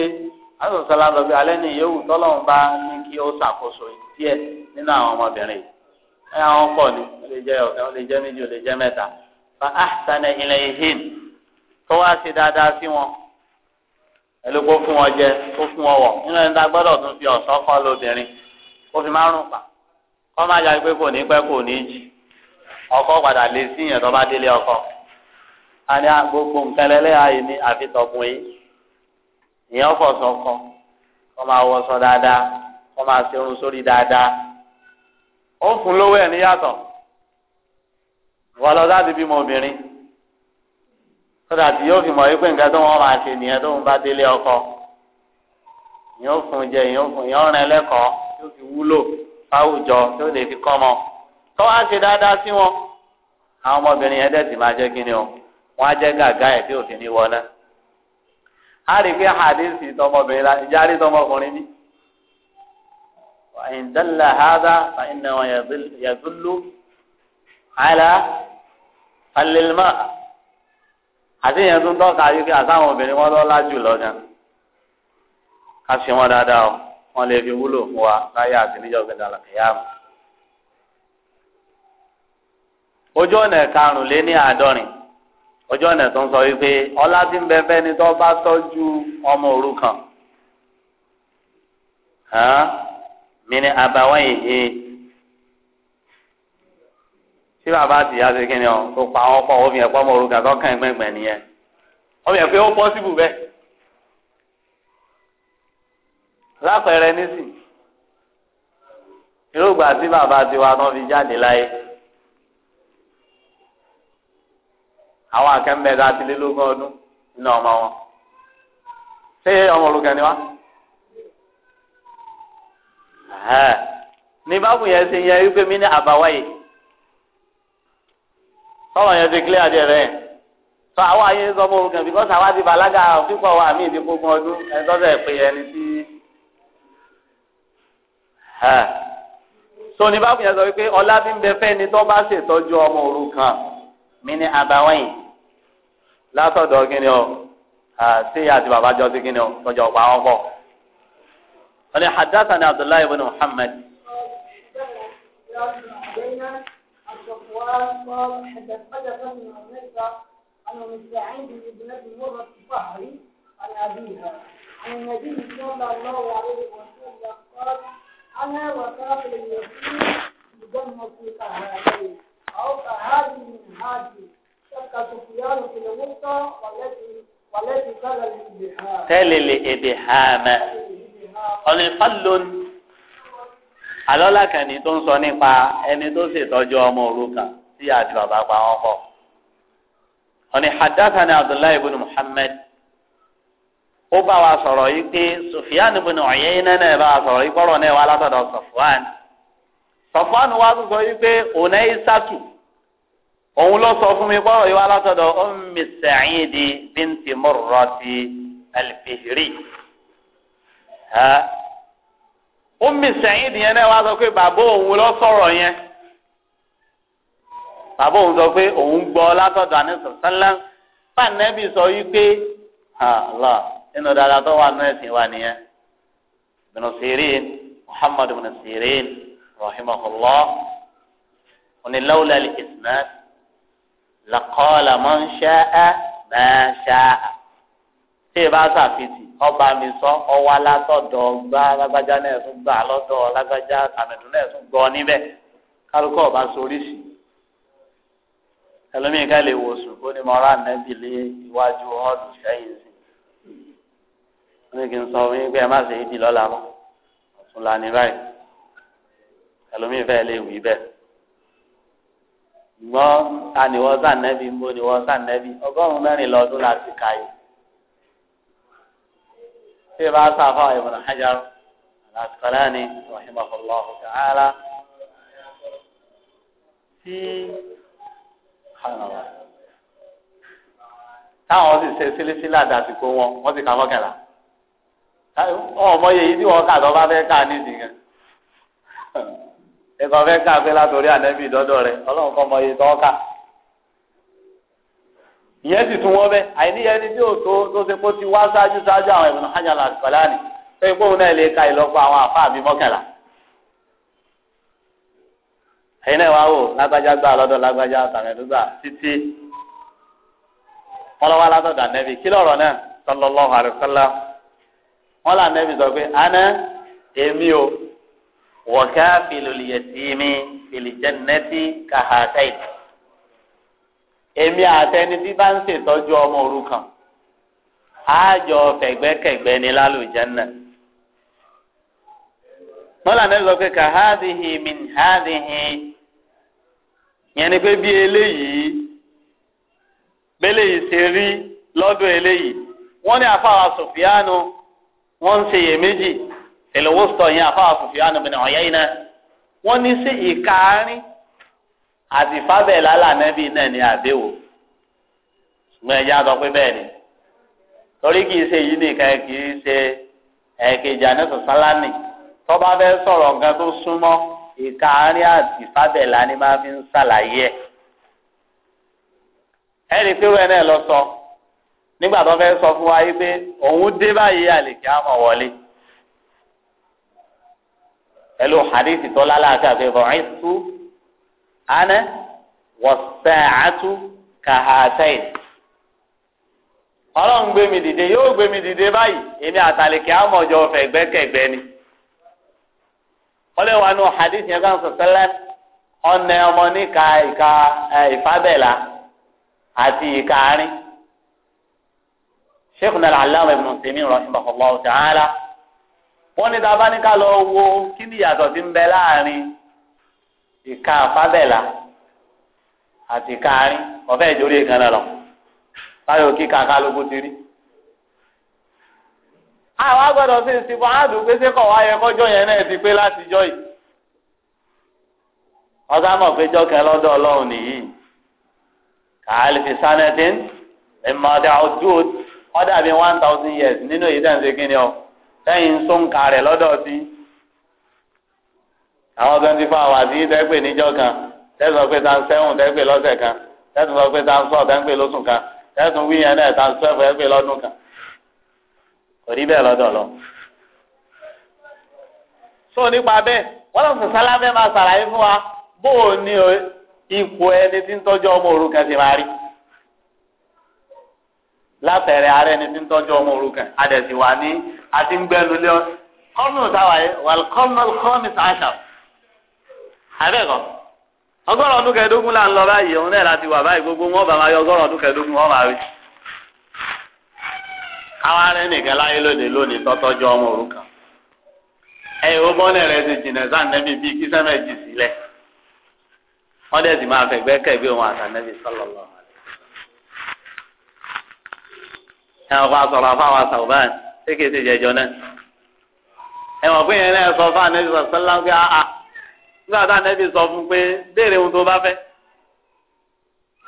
àwọn lọ bí alẹ́ ní ìyẹ́wù tọ́lọ́run bá ní kí ó ṣàkóso nínú àwọn ni ó lè jẹ́ ọ̀kẹ́ ó lè méjì ó lè fa ahsana ilayhin tó wá ṣe dáadáa sí wọn ẹlẹ́gbọ́ fún wọn jẹ fún wọn nínú a ó fi márùn pa kọ́ máa yà pé kò ní kò ní jì ọkọ padà lè sí yẹn tó bá délé ọkọ a ní ah, gbogbo nǹkan lẹ́lẹ́yàáyé ní àfitọ́kùnrin ìyẹn ọkọ̀ sọ̀kọ kọ máa wọṣọ dáadáa kọ máa ṣe irun sórí dáadáa ó fún lówó bímọ obìnrin tí yóò fi mọ wípé nǹkan tó máa ṣe nìyẹn tó ń bá délé ọkọ ìyẹn ó fún tí ó fi wúlò fáwùjọ tí ó lè fi kọ́ ọmọ tó wá ṣe dáadáa sí wọn àwọn ọmọbìnrin yẹn dẹ̀sí máa jẹ́ kí ni o wọ́n á jẹ́ gàgá ẹ̀ tí ò fi ní wọná. a rí i pé hadithi tọmọbìnrin la ìjà tọmọkùnrin ní. وإن دل هذا فإنه يدل, يدل على قل الماء àti ìyẹn tó ń tọ́ka yìí pé àtàwọn obìnrin wọn lọ́lá jù lọ gan ká ṣe wọn dáadáa o wọn lè fi wúlò fún wa láyé àti níjọ́ gbẹdà làkìyàmù. ojú ọ̀nà karùnléní àádọ́rin ojú ọ̀nà tó ń sọ wípé ọlá ti ń bẹ fẹ́ni tó bá tọ́jú ọmọ òrukàn mi ni àbáwọ̀ yìí tí bàbá àtìyá ṣe kí ni pa ọmọ tó kàn gbẹ̀ngbẹ̀ nìyẹn lápẹẹrẹ nísìn irúgbà tí bàbá tiwa náà fi jáde láyé àwọn akẹ́mbẹ́ dá tilé lógún ọdún nínú ọmọ wọn ṣé ọmọ olùkẹ́ ni wá. ní báwo yẹn ṣe yẹ wípé mi ní àbáwáyé sọ̀rọ̀ yẹn ti kílé adìẹ rẹ̀ sọ àwọn ayé sọmọ olùkẹ́ bíkọ́sì àwa ti bàlágà fífọ̀ wa mí ìdí gbogbo ọdún ẹ̀ tọ́jú ẹ̀ pé ẹni tí. so n'i báwo sọ wípé ọlá fi ń bẹ n'i tó bá ṣètọ́jú ọmọ òrukàn kan ní abawẹ́yìn látọ̀dọ̀ kíni o ṣé àti bàbá sí kíni o tọjọ ọ̀pá wọn pọ̀. wọ́n ní abdullahi ibn muhammad. أنا وقابل الوكيل مدمر في كهذه أو كهذه من هذه شك سفيان في الوسطى والتي والتي تلى الإبهام تلى الإبهام ọ̀nìfàlùn alọ́lá kan ní tó ń sọ nípa ẹni tó ṣètọ́jú ọmọ òrukàn tí àdúrà bá pa wọn kọ. ọ̀nì hadathana abdullahi ibn muhammad ó bá wa sọ̀rọ̀ yìí pé Sufyan ibn Uyayna náà bá wa sọ̀rọ̀ yìí kọ́rọ̀ náà wà látọ̀dọ̀ Safwan Safwan wa tún sọ yìí pé isatu òun ló sọ fún mi kọ́rọ̀ yìí wà látọ̀dọ̀ binti Murrati al-Fihri Ummi di yẹn náà wá sọ pé bàbá òun ló sọ̀rọ̀ yẹn bàbá òun sọ pé òun gbọ́ látọ̀dọ̀ àníṣọ̀ nínú dáadáa tó wà náà sìn wà nìyẹn ibn Sirin Muhammad ibn Sirin rahimahullah oní lawla li isnad laqala man sha'a ma sha'a tí ì bá sàfitì ọba mi sọ ọwọ́ alátọ̀dọ̀ gbá lágbájá náà tún gbà lọ́dọ̀ lágbájá àmẹ̀dùn náà tún gbọ́ níbẹ̀ kálukọ́ ọba soríṣi ẹlòmíín ká lè wòsùn kó ní mọ́ra nẹ́bí iwájú ọ́ọ̀dù sẹ́yìn ní kí n sọ fún yín pé ẹ má ṣe é lọ́la mọ́ ọ̀tún la ní báyìí ẹlòmíì fẹ́ lè wí bẹ́ẹ̀ ṣùgbọ́n ta ni wọ́n sànẹ́bí mbó ni wọ́n sànẹ́bí ọgọ́rùn-ún mẹ́rin lọ́dún la ti ka yìí tí bá sáfà Ibn Hajar al-Asqalani rahimahullahu tí táwọn sì ṣe sílísílà dàsìkò wọn wọ́n ti ka mọ́kànlá. ọmọ yẹyí tí wọn kà tó bá fẹ́ ní ẹkọ fẹ́ kà pé látòrí ànẹbí dọdọ rẹ kọ ọmọ yẹyí tó kà ìyẹn sì tún wọn bẹ ni tí o tó tó ṣe kó ti wá ṣáájú ṣáájú àwọn ìbùnú hajjala àtìpàlánì pé gbóhùn náà lè ka àwọn àfáà bíi mọ́kànlá náà wá wò lágbájá gbà lágbájá títí ànẹbí kí náà wọn là nẹbi sọ pé ana èmi o wọ̀ká filoliyetimi filijẹnẹti kahatai èmi àtẹni tí bá ń ṣètọ́jú ọmọ òrukàn àjọ fẹ̀gbẹ́kẹ̀gbẹ́ ni lálùjẹ́nà wọn là nẹbi sọ pé kahadihi min hadihi yẹn ni pé bí eléyìí bẹ́lẹ̀ yìí ṣe rí lọ́dọ̀ eléyìí wọ́n ní àfàwà sọ̀fíàánù wọ́n ń ṣe iyèméjì ìlúwòsàn yẹn afáwà Sufyan bin Uyayna wọ́n ní sí ìkaarin àti fábẹ́ẹ̀lá lànàbí náà ní àbẹ̀wò ṣùgbọ́n ẹ̀yà sọ pé bẹ́ẹ̀ ni torí kìí ṣe yìí nìkan kìí ṣe ẹ̀kejì ànẹ́sọ̀ sálánì tọ́ba fẹ́ sọ̀rọ̀ nǹkan tó súnmọ́ ìkaarin àti fábẹ́ẹ̀lá ni máa fi ń ṣàlàyé ẹ̀ ẹ̀rí pé wẹ́n náà lọ sọ. nígbà tó fẹ́ sọ fún wa yìí pé òun dé báyìí àlèkè àmọ̀ wọlé pẹ̀lú hadithi tó lálàáfíà pé bọ̀ọ́ìtú ana wọ̀sẹ̀ẹ́tú kàhátẹ́yìn ọlọ́run gbé mi dìde yóò gbé mi dìde báyìí èmi àtàlèkè àmọ̀ jọ fẹ̀ gbẹ́kẹ̀gbẹ́ ni wọ́n nù hadithi yẹn kan sọ̀tẹ́lẹ̀ ọ̀nà ọmọ níka ìka ìfábẹ́là àti ìka Sheikhuna al-Allama Ibn Uthaymeen rahimahullahu ta'ala wọ́n ní taba ní ká lọ wo kí ni yàtọ̀ ti ń bẹ láàrin ìka àfábẹ́là àti ìkaarin ọ̀fẹ́ ìjórí ìkànnà lọ báyọ̀ kíkà kálukú ti rí. àwọn agbọ́dọ̀ sí ìsìnkú àádùn gbèsè kọ̀ wáyé kọjọ́ yẹn náà ti pé láti jọ́ yìí. ọ̀gá mọ̀ pé jọ́kẹ́ lọ́dọ̀ ọlọ́run nìyí kàálì fi sánẹ́tì ẹ̀ mọ̀ọ́dẹ́ ọdún òtún wọ́n dàbí one thousand years nínú èyí dàbí kíni ọ sẹ́yìn sóńkà rẹ̀ lọ́dọ̀ sí àwọn twenty four hours yìí tẹ́ pé níjọ́ kan tẹ́sán pé tan seven tẹ́ pé lọ́sẹ̀ kan tẹ́sán sọ pé tan sọ tẹ́ pé lóṣù kan tẹ́sán wí yẹn náà tan twelve tẹ́ pé lọ́dún kan kò rí bẹ́ẹ̀ lọ́dọ̀ lọ. so nípa bẹ́ẹ̀ wọ́n lọ sọ sálábẹ́ máa ṣàlàyé fún wa bó o ní ipò ẹni tí ń tọ́jú ọmọ òrukàn ti máa rí. látẹ̀rẹ̀ ààrẹ ẹni tí ń tọ́jú ọmọ òrukàn adẹ̀sí wà ní àti ń gbẹ́nu lé kọ́nù táwàyé ọdún kẹẹ̀dógún là ń lọ báyìí òun náà láti gbogbo wọn bá máa yọ ọdún kẹẹ̀dógún wọn máa rí nìkan láyé lónìí tọ́tọ́jú ọmọ rẹ ti ẹ wọn kọ asọ̀rọ̀ afáwọn asàwùbáyà ṣé kìí ṣe jẹjọ náà ẹ wọn fún yẹn náà sọ fún anabi sọsọlá pé àà ah, ah. nígbà tá anabi sọ fún pé béèrè ohun tó bá fẹ́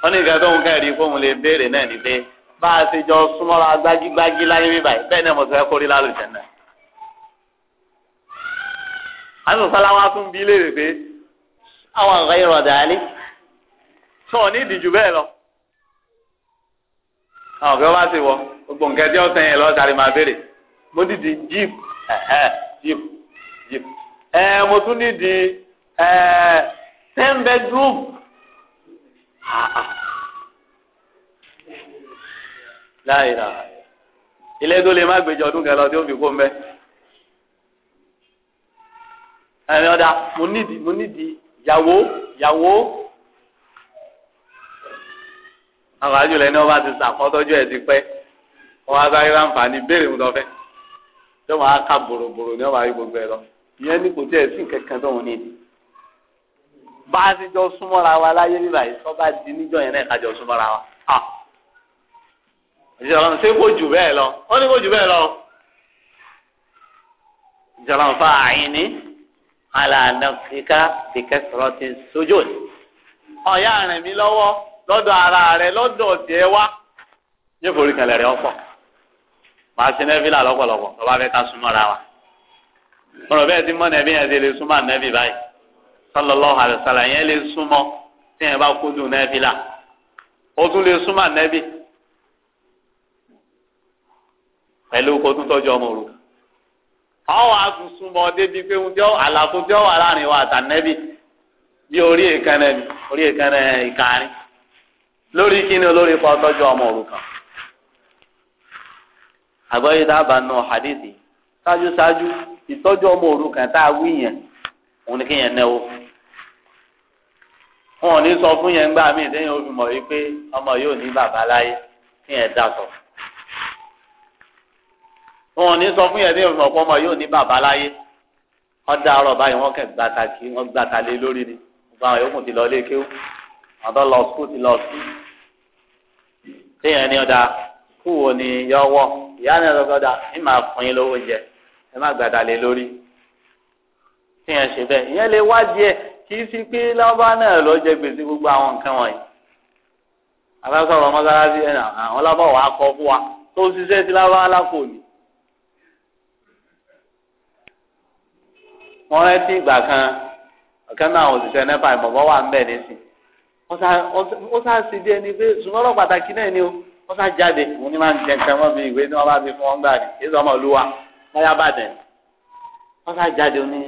wọn ní ìgbà tó ń kẹrì fóun lè béèrè náà ní pé bá a ṣe jọ súnmọ́ra gbágígbágí láyé bíbá yìí bẹ́ẹ̀ náà mo fẹ́ kórìí lálùjẹ náà àwọn sọsọlá wa tún bí léèrè pé àwọn àgbáyé rọ̀dà alẹ́ sọ ní ìdíjú bẹ́ẹ̀ lọ àwọn ọ̀gá wá sí wọ gbogbo nǹkan tí ọ̀sẹ̀ yẹn lọ́ọ́ sáré máa béèrè mo dìdì jeep jeep jeep ẹ mo tún dìdì ten bedroom láyé náà ilé tó lè má gbèjọ ọdún kan lọ tí ó fi kó mbẹ ẹ̀mí ọ̀dà mo nídìí mo nídìí yàwó yàwó àwọn àjùlọ ẹni wọn ti sàkọ́tọ́jú ẹ̀ ti pẹ́ wọn wá sáré láǹfààní béèrè ń lọ tí wọn á ka bòròbòrò ní ọba gbogbo ẹ lọ ìyẹn ní kò tí ẹ sí kankan tó wọn ní ìdí bá a ti jọ súnmọ́ra wa láyé nígbà yìí sọ́ di níjọ́ yẹn náà ká jọ súnmọ́ra wa ìjọba ṣé kò jù bẹ́ẹ̀ lọ wọ́n ní kò jù bẹ́ẹ̀ lọ ìjọba ń fa àyín ní alànà kíkà kíkẹ́sọ̀rọ̀ ti sójò ọ̀yá rìn mí lọ́wọ́ lọ́dọ̀ ara rẹ lọ́dọ̀ tiẹ̀ wá yóò forí kan lẹ́rẹ̀ ọ̀pọ̀ màá ṣe nẹ́fìlà lọ́pọ̀lọpọ̀ tó bá fẹ́ ká súnmọ́ ra wa. ọ̀rọ̀ bẹ́ẹ̀ ti mọ́ nẹ́bí yẹn ti lè súnmọ́ nẹ́bí báyìí sallallahu alaihi wasallam yẹn lè súnmọ́ tí yẹn bá kúndùn nẹ́fìlà ó tún lè súnmọ́ nẹ́bí pẹ̀lú kó tún tọ́jú ọmọ òru. àwọn àtúnṣúmọ́ débi pé àlàfo tí ó wà láàrin wa àtànẹ́bí bí orí èkánná ìkàrin lórí kíni olórí pa ọtọ́jú ọmọ òrukàn àgbọ̀yé dábàá nù hadithi ṣáájú ṣáájú ìtọ́jú ọmọ òrukàn tá a wí yẹn òun ni kéèyàn náwó wọn ò ní sọ fún yẹn gbá mi ìdẹ́yìn ó fi mọ̀ wípé ọmọ yóò ní bàbá láyé kéèyàn dà sọ wọn ò ní sọ fún yẹn ní òfin ọ̀pọ̀ ọmọ yóò ní bàbá láyé wọn dá báyìí wọn kẹ gbàtà kí wọn gbàtà lé lórí ni gbogbo àwọn yòókù ti lọ lé kéwù àtọ́ lọ sukú ti lọ sí téèyàn ní ọ̀dà kú wo ni yọ wọ ìyá ní ọ̀dọ́ ọ̀dà ní màá fún yín lówó oúnjẹ ẹ má gbàdá lé lórí téèyàn ṣe bẹ́ẹ̀ ìyẹn lè wádìí ẹ̀ kì í fi pé lọ́ba náà lọ jẹ gbèsè gbogbo àwọn nǹkan wọ̀nyí afẹ́sọ̀rọ̀ mọ́sálásí ẹ̀ àwọn lábọ̀ wà á kọ fún wa tó ṣiṣẹ́ sí lábọ̀ alákò ni. wọ́n rántí ìgbà kan ọ̀kan náà òṣìṣẹ́ nẹ́pà ìmọ̀bọ́ wà ń bẹ̀ nísìn ó sá sí bí ẹni pé ṣùgbọ́n ọ̀rọ̀ pàtàkì náà ni o ó sá jáde òun ni máa ń jẹ nǹkan mọ́ bí ìwé ní wọ́n bá fi fún wọn gbà ní èso ọmọ olúwa láyà bàdẹ̀ ó sá jáde òun ni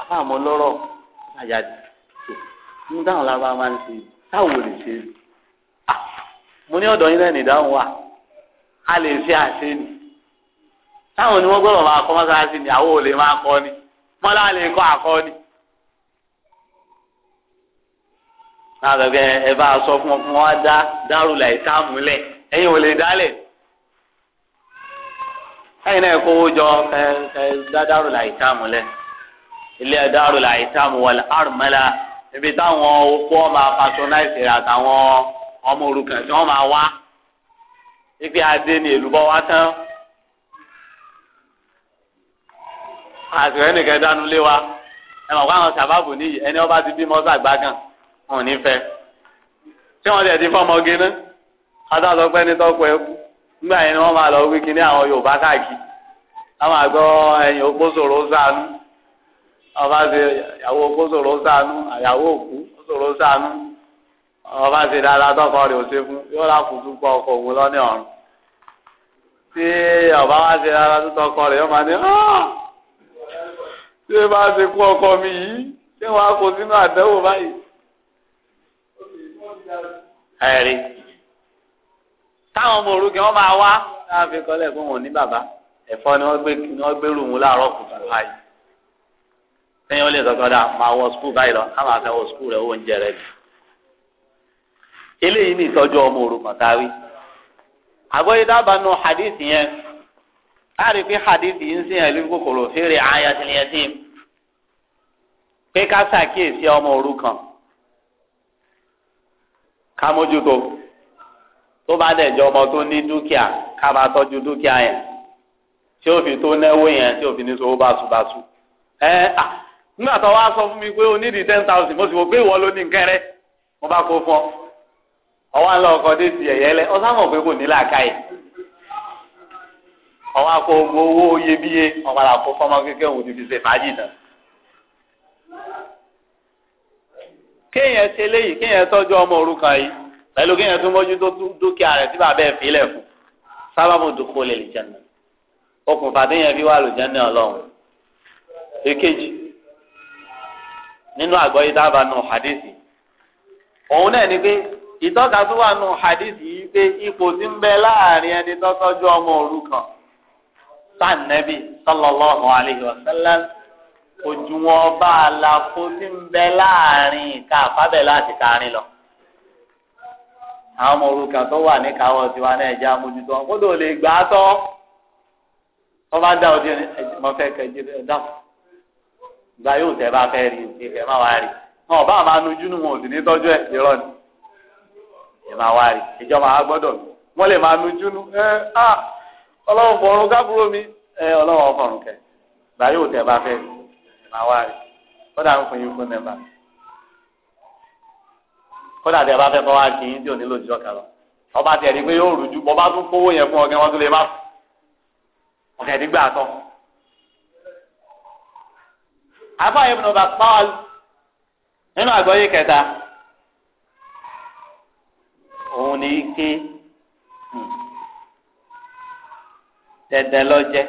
afáàmọ́ lọ́rọ̀ ó sá jáde ń dáhùn lábá máa ń ṣe táwọn olè ṣe ah, mo ní ọ̀dọ̀ yín lẹ́nu ìdáhùn wa a lè ṣe àṣẹ ni táwọn ni wọ́n gbọ́dọ̀ máa kọ́ mọ́sáàsì ni àwọn olè máa kọ́ ni mọ́lá lè kọ́ àkọ́ ni. àgbẹ̀gbẹ̀ ẹ bá a sọ fún ọ fún wa dá dárúlà ìtàmúlẹ̀ ẹ̀yin ò lè dálẹ̀ ẹ̀yin náà kówó jọ ẹ ẹ dá dárúlà ìtàmúlẹ̀ ilé dárúlà ìtàmúwọ̀lẹ̀ àrùmẹ́lá ibi táwọn opó ọmọ apatronáìsì àtàwọn ọmọ òrukàn tí wọ́n máa wá ipe adé ni èlùbọ́ wá tán. àtìwẹ́ nìkan dánú lé wa ẹ mọ̀ pé àwọn sábàbù níyì ẹni ọba ti bímọ sàgbá kan wọn ní fẹ́ tí wọ́n tẹ̀ ti náà adájọ́ pẹ́ ní tọ́pọ̀ ẹ̀kú nígbà yẹn ni wọ́n máa lọ wí kíní àwọn Yorùbá káàkiri láwọn àgbọ̀ ẹ̀yìn ògbósòrò sànú ọba ṣe ìyàwó ògbósòrò sànú àyàwó òkú ògbósòrò sànú ọba ṣe dáadáa tọkọ rẹ̀ ò fún yóò rà kùtù pọ̀ òun lọ́ní ọ̀run tí ọba wa ṣe dáadáa tó tọkọ rẹ̀ yóò máa ní ṣé ah! bá ṣe kú ọkọ mi yìí ṣé wàá kó sínú àdánwò báyìí. ẹ̀rí táwọn ọmọ òrukàn wọn máa wá láàfin kọ́lẹ̀ fún wọn ní bàbá ẹ̀fọ́ ni wọ́n gbé ni wọ́n gbé rúùmù láàárọ̀ Onye báyìí sẹ́yìn ó lè sọ kọ́dà máa wọ skul báyìí lọ á máa fẹ́ wọ skul rẹ̀ oúnjẹ rẹ̀ bì. eléyìí ní ìtọ́jú ọmọ òrukàn táwí. àgbọ̀yé dábàá nu hadith yẹn láàrin pé hadith yìí ń sìn ẹ̀ lórí kòkòrò fèrè ayatil pé ká ṣàkíyèsí ọmọ ká mójútó tó bá dẹ̀ jọ ọmọ tó ní dúkìá ká bá tọ́jú dúkìá yẹn tí ó fi tó náwó yẹn tí ó fi ní sọ báṣubàṣu ẹ à nígbà tó wá sọ fún mi pé o nídìí ten thousand mo sì wò pé ìwọ ló ní nkẹrẹ mo bá kó fún ọ ọwọ́ àlọ́ ọkọ̀ dé ti ẹ̀yẹ lẹ ọ sáwọn kò ní làákàyè owó iyebíye kó fọmọ kéèyàn ṣe léyìí kéèyàn tọ́jú ọmọ orúkọ yìí pẹ̀lú kéèyàn tó mójútó dúkìá rẹ̀ tí bàbá ẹ̀ fílẹ̀ fún sábàbù dùkú lè lè jẹun fi wà èkejì nínú nù hadithi òun náà ni pé ìtọ́ka tó wà nù hadithi yìí pé ipò tí ń bẹ láàrin ẹni tó òjùwọ̀n bá àlàfo tí ń bẹ láàrin ìka àfábẹ̀ láti taarin lọ. àwọn ọmọ orúkà tó wà ní káwọ́ tiwa náà ẹ̀jẹ̀ amójútó wọn kódò lè gbà á tọ́ wọ́n bá dá ojú ẹ̀jẹ̀ mọ́ ìgbà yóò bá fẹ́ rí ọba nu wọn ò sì ní ni máa wá rí wọn lè máa nujú nu ah, mi ìgbà yóò bá rí. máa wá rí kódà ń fún yín fún nẹ́mbà kódà tí a bá fẹ́ kọ́ wá kí yín tí ò nílò ìjọ kan lọ ọba tiẹ̀ ní pé yóò rújú bọ́ bá tún kówó yẹn fún ọ̀gá wọn tó lè má ọ̀gá ẹ̀ nígbà tán. afa yẹn fúnra paul nínú àgbọ́yé kẹta òun ní ké dẹ̀dẹ̀ lọ jẹ́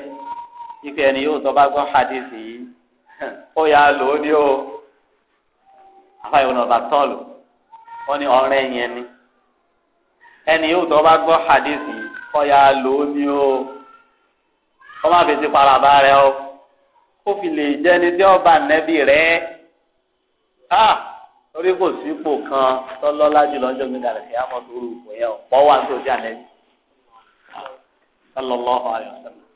ife ẹni yóò tọ́ bá gbọ́ hadith yìí ó yà lò ó ní o àfàyè ọ̀nà ọ̀bà tọ́ọ̀lù ó ní ọ̀rẹ́ yẹn ni ẹni yóò tó bá gbọ́ hadith yìí ó yà lò ó ní o ó má fi ti paraba rẹ o ó fi lè jẹ́ ẹni tí ọba nẹ́bí rẹ á torí kò sípò kan tọ́lọ́lá jùlọ ọjọ́ mi dàrẹ́ ìyá mọ́tò orúkọ yẹn ọ̀pọ̀ wà tó ti ànẹ́bí sallallahu alaihi wasallam.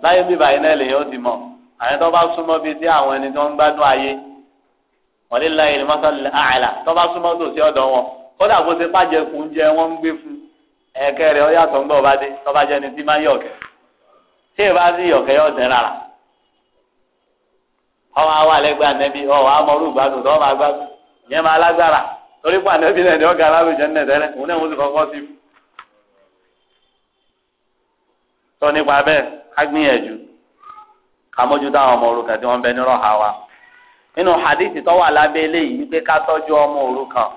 láyé bíbá yìí náà lèyìn ó ti mọ̀ àwọn tó bá súnmọ́ bíi tí àwọn ẹni tó ń gbádùn ayé wọ́n lè la ìlú mọ́tò àìlà tó bá súnmọ́ tòsí ọ̀dọ̀ wọn kódà kó ṣe pàjẹ́ fún jẹ wọ́n ń gbé fún ẹ̀kẹ́ rẹ̀ ọ̀yàtọ̀ ń gbọ́ bá dé tó bá jẹ́ ni tí máa ń tí ì sí yọ̀kẹ́ yọ̀ dẹ́ rárá ọmọ àwọn àlẹ́gbẹ́ ànẹ́bí ọ̀wọ́ amọ̀rú ìgbádùn tó máa gbádùn ìyẹn máa lágbára torí pé ànẹ́bí náà tó nípa bẹ́ẹ̀ ká gbìyànjú ká mójútó àwọn ọmọ òrukàn tí wọ́n bẹ nírọ̀ ha wa nínú hadith tó wà lábẹ́ eléyìí wípé ká tọ́jú ọmọ òrukàn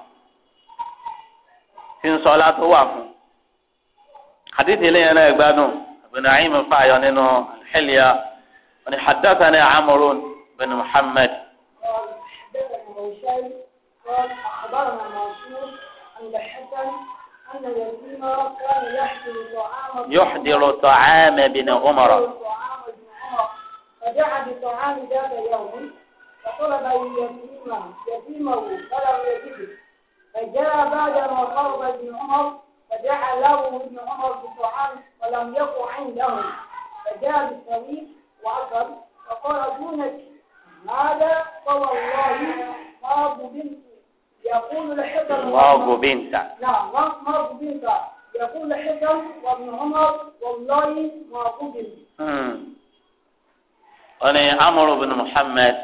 tí ń sọlá tó wà fún hadith eléyìí náà gbádùn ibn Aim fààyọ nínú Hilya wọn ni haddathana bin Muhammad. قال أخبرنا منصور عند حسن يحضر طعام ابن عمر فجاء بطعام ذات يوم فطلب يتيما يتيمه فلم يجده فجاء بعد ما قرب ابن عمر فجاء له ابن عمر بطعام ولم يقع عنده فجاء بالطريق واكل فقال دونك هذا فوالله ما منك يقول لحبر واو بنت نعم واو بنت يقول لحبر وابن عمر والله ما قبل أنا عمرو بن محمد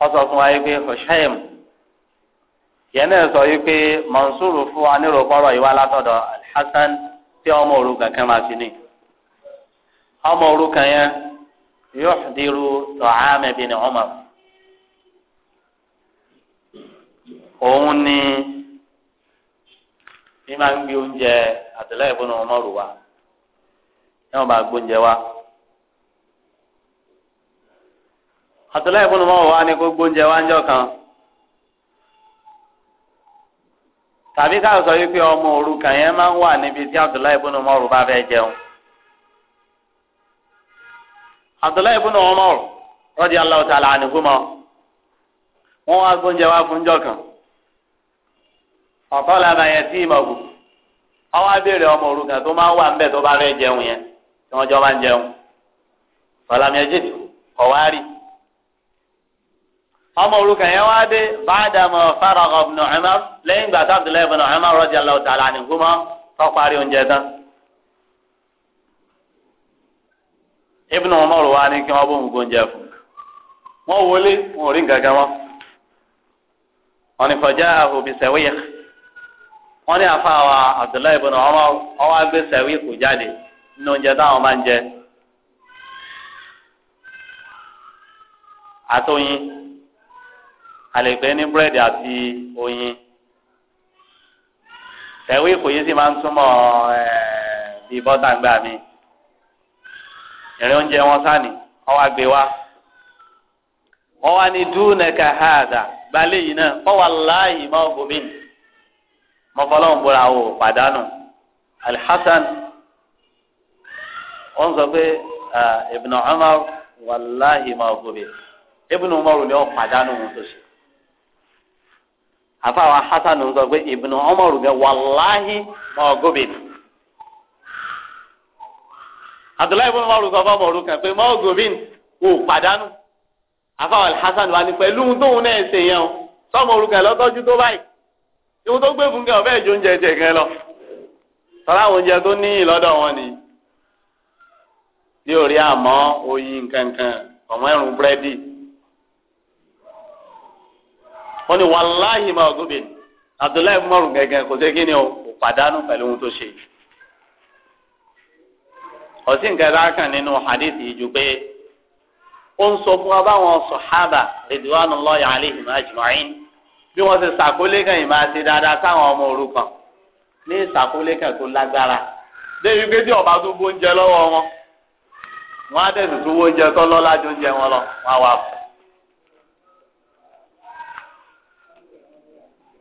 حصل معي حشيم yẹn sọ yìí pé Mansur fún wa nírò kọrọ ìwà látọ̀dọ̀ alhassan tí ọmọ òrukàn kan máa fi ní ọmọ kan yẹn yóò dirú àmì bíi ní Umar òun ni ị máa ń gbé oúnjẹ àtẹlẹ ìbọnà wa rò ní wọn bá àtẹlẹ wa ni kó gbóúnjẹ njọ kan tàbí ká sọ wípé ọmọ òrukàn yẹn máa ń wà níbi tí Abdullahi ibùnú bá fẹ jẹun. Abdullahi ibùnú mọ́rù rọ́dí tààlà ọ̀tọ́ làbà yẹn tí ìmọ̀ kù abéèrè ọmọ òrukàn tó máa ń wà ńbẹ̀ tó bá fẹ́ jẹun yẹn tí wọ́n jọ máa ń jẹun sọlámi ẹjẹ tó wá rí ọmọ òrukàn yẹn wá dé bàdàmọ̀ fárọ̀kọ̀ ibn Umar lẹ́yìn ìgbà tó Abdullahi ibn Umar radiyallahu ta'ala tó parí oúnjẹ tán wá ní kí fún wọlé wọ́n ní afa wa abdullahi ibùdó wọ́n wá gbé sẹ̀wí kò jáde nínú oúnjẹ táwọn máa ń jẹ. àti oyin àlèpé ní búrẹ́dì àti oyin sẹ̀wí kò ma sì máa ń túmọ̀ bíi bọ́tà gbà mi ìrìn oúnjẹ wọn sáni wọ́n wá gbé wọ́n wá ní dúnẹ̀ka hàdà gbalẹ̀ yìí náà wọ́n wà láàyè mọ́ mọ́fọ́lọ́hún bóra o pàdánù alḥasan wọ́n sọ pé ibn umar wàláhi ma fò bẹ́ẹ̀ ibn umar ni wọ́n pàdánù wọn tó ṣe àfàwọn hasan ló sọ pé ibn umar gẹ wàláhi ma fò bẹ́ẹ̀ abdullahi ibn umar sọ fún ọmọ orúkọ pé ma fò bẹ́ẹ̀ o pàdánù àfàwọn hasan wà ní pẹ̀lú tóun náà ṣe yẹn o sọmọ orúkọ lọ́tọ́jú tó báyìí. ìwọ tó gbé fúnkẹ́ ọ̀bẹ́ ìjọ oúnjẹ tiẹ̀ gan lọ tọ́láwọn oúnjẹ tó ní ìlọ́dọ̀ wọn ni ní orí àmọ́ oyi nkankan ọmọ ẹ̀rùn búrẹ́dì wọ́n ní wàláhì máa gómìn Abdullahi mọ̀rùn gẹ́gẹ́ kò sí kíni o pàdánù pẹ̀lú ohun tó ṣe ọ̀sìn nǹkan lákàn nínú hadith ju pé ó ń sọ fún sọ̀hábà bí wọ́n ṣe ṣàkólé kan yìí máa ṣe dáadáa sáwọn ọmọ kan ní ìṣàkólé kan tó lágbára débi pé tí ọba tó gbóúnjẹ lọ́wọ́ wọn wọn á tẹ̀sí tó gbóúnjẹ tó lọ́lá jẹ wọn lọ wọn á wà fún.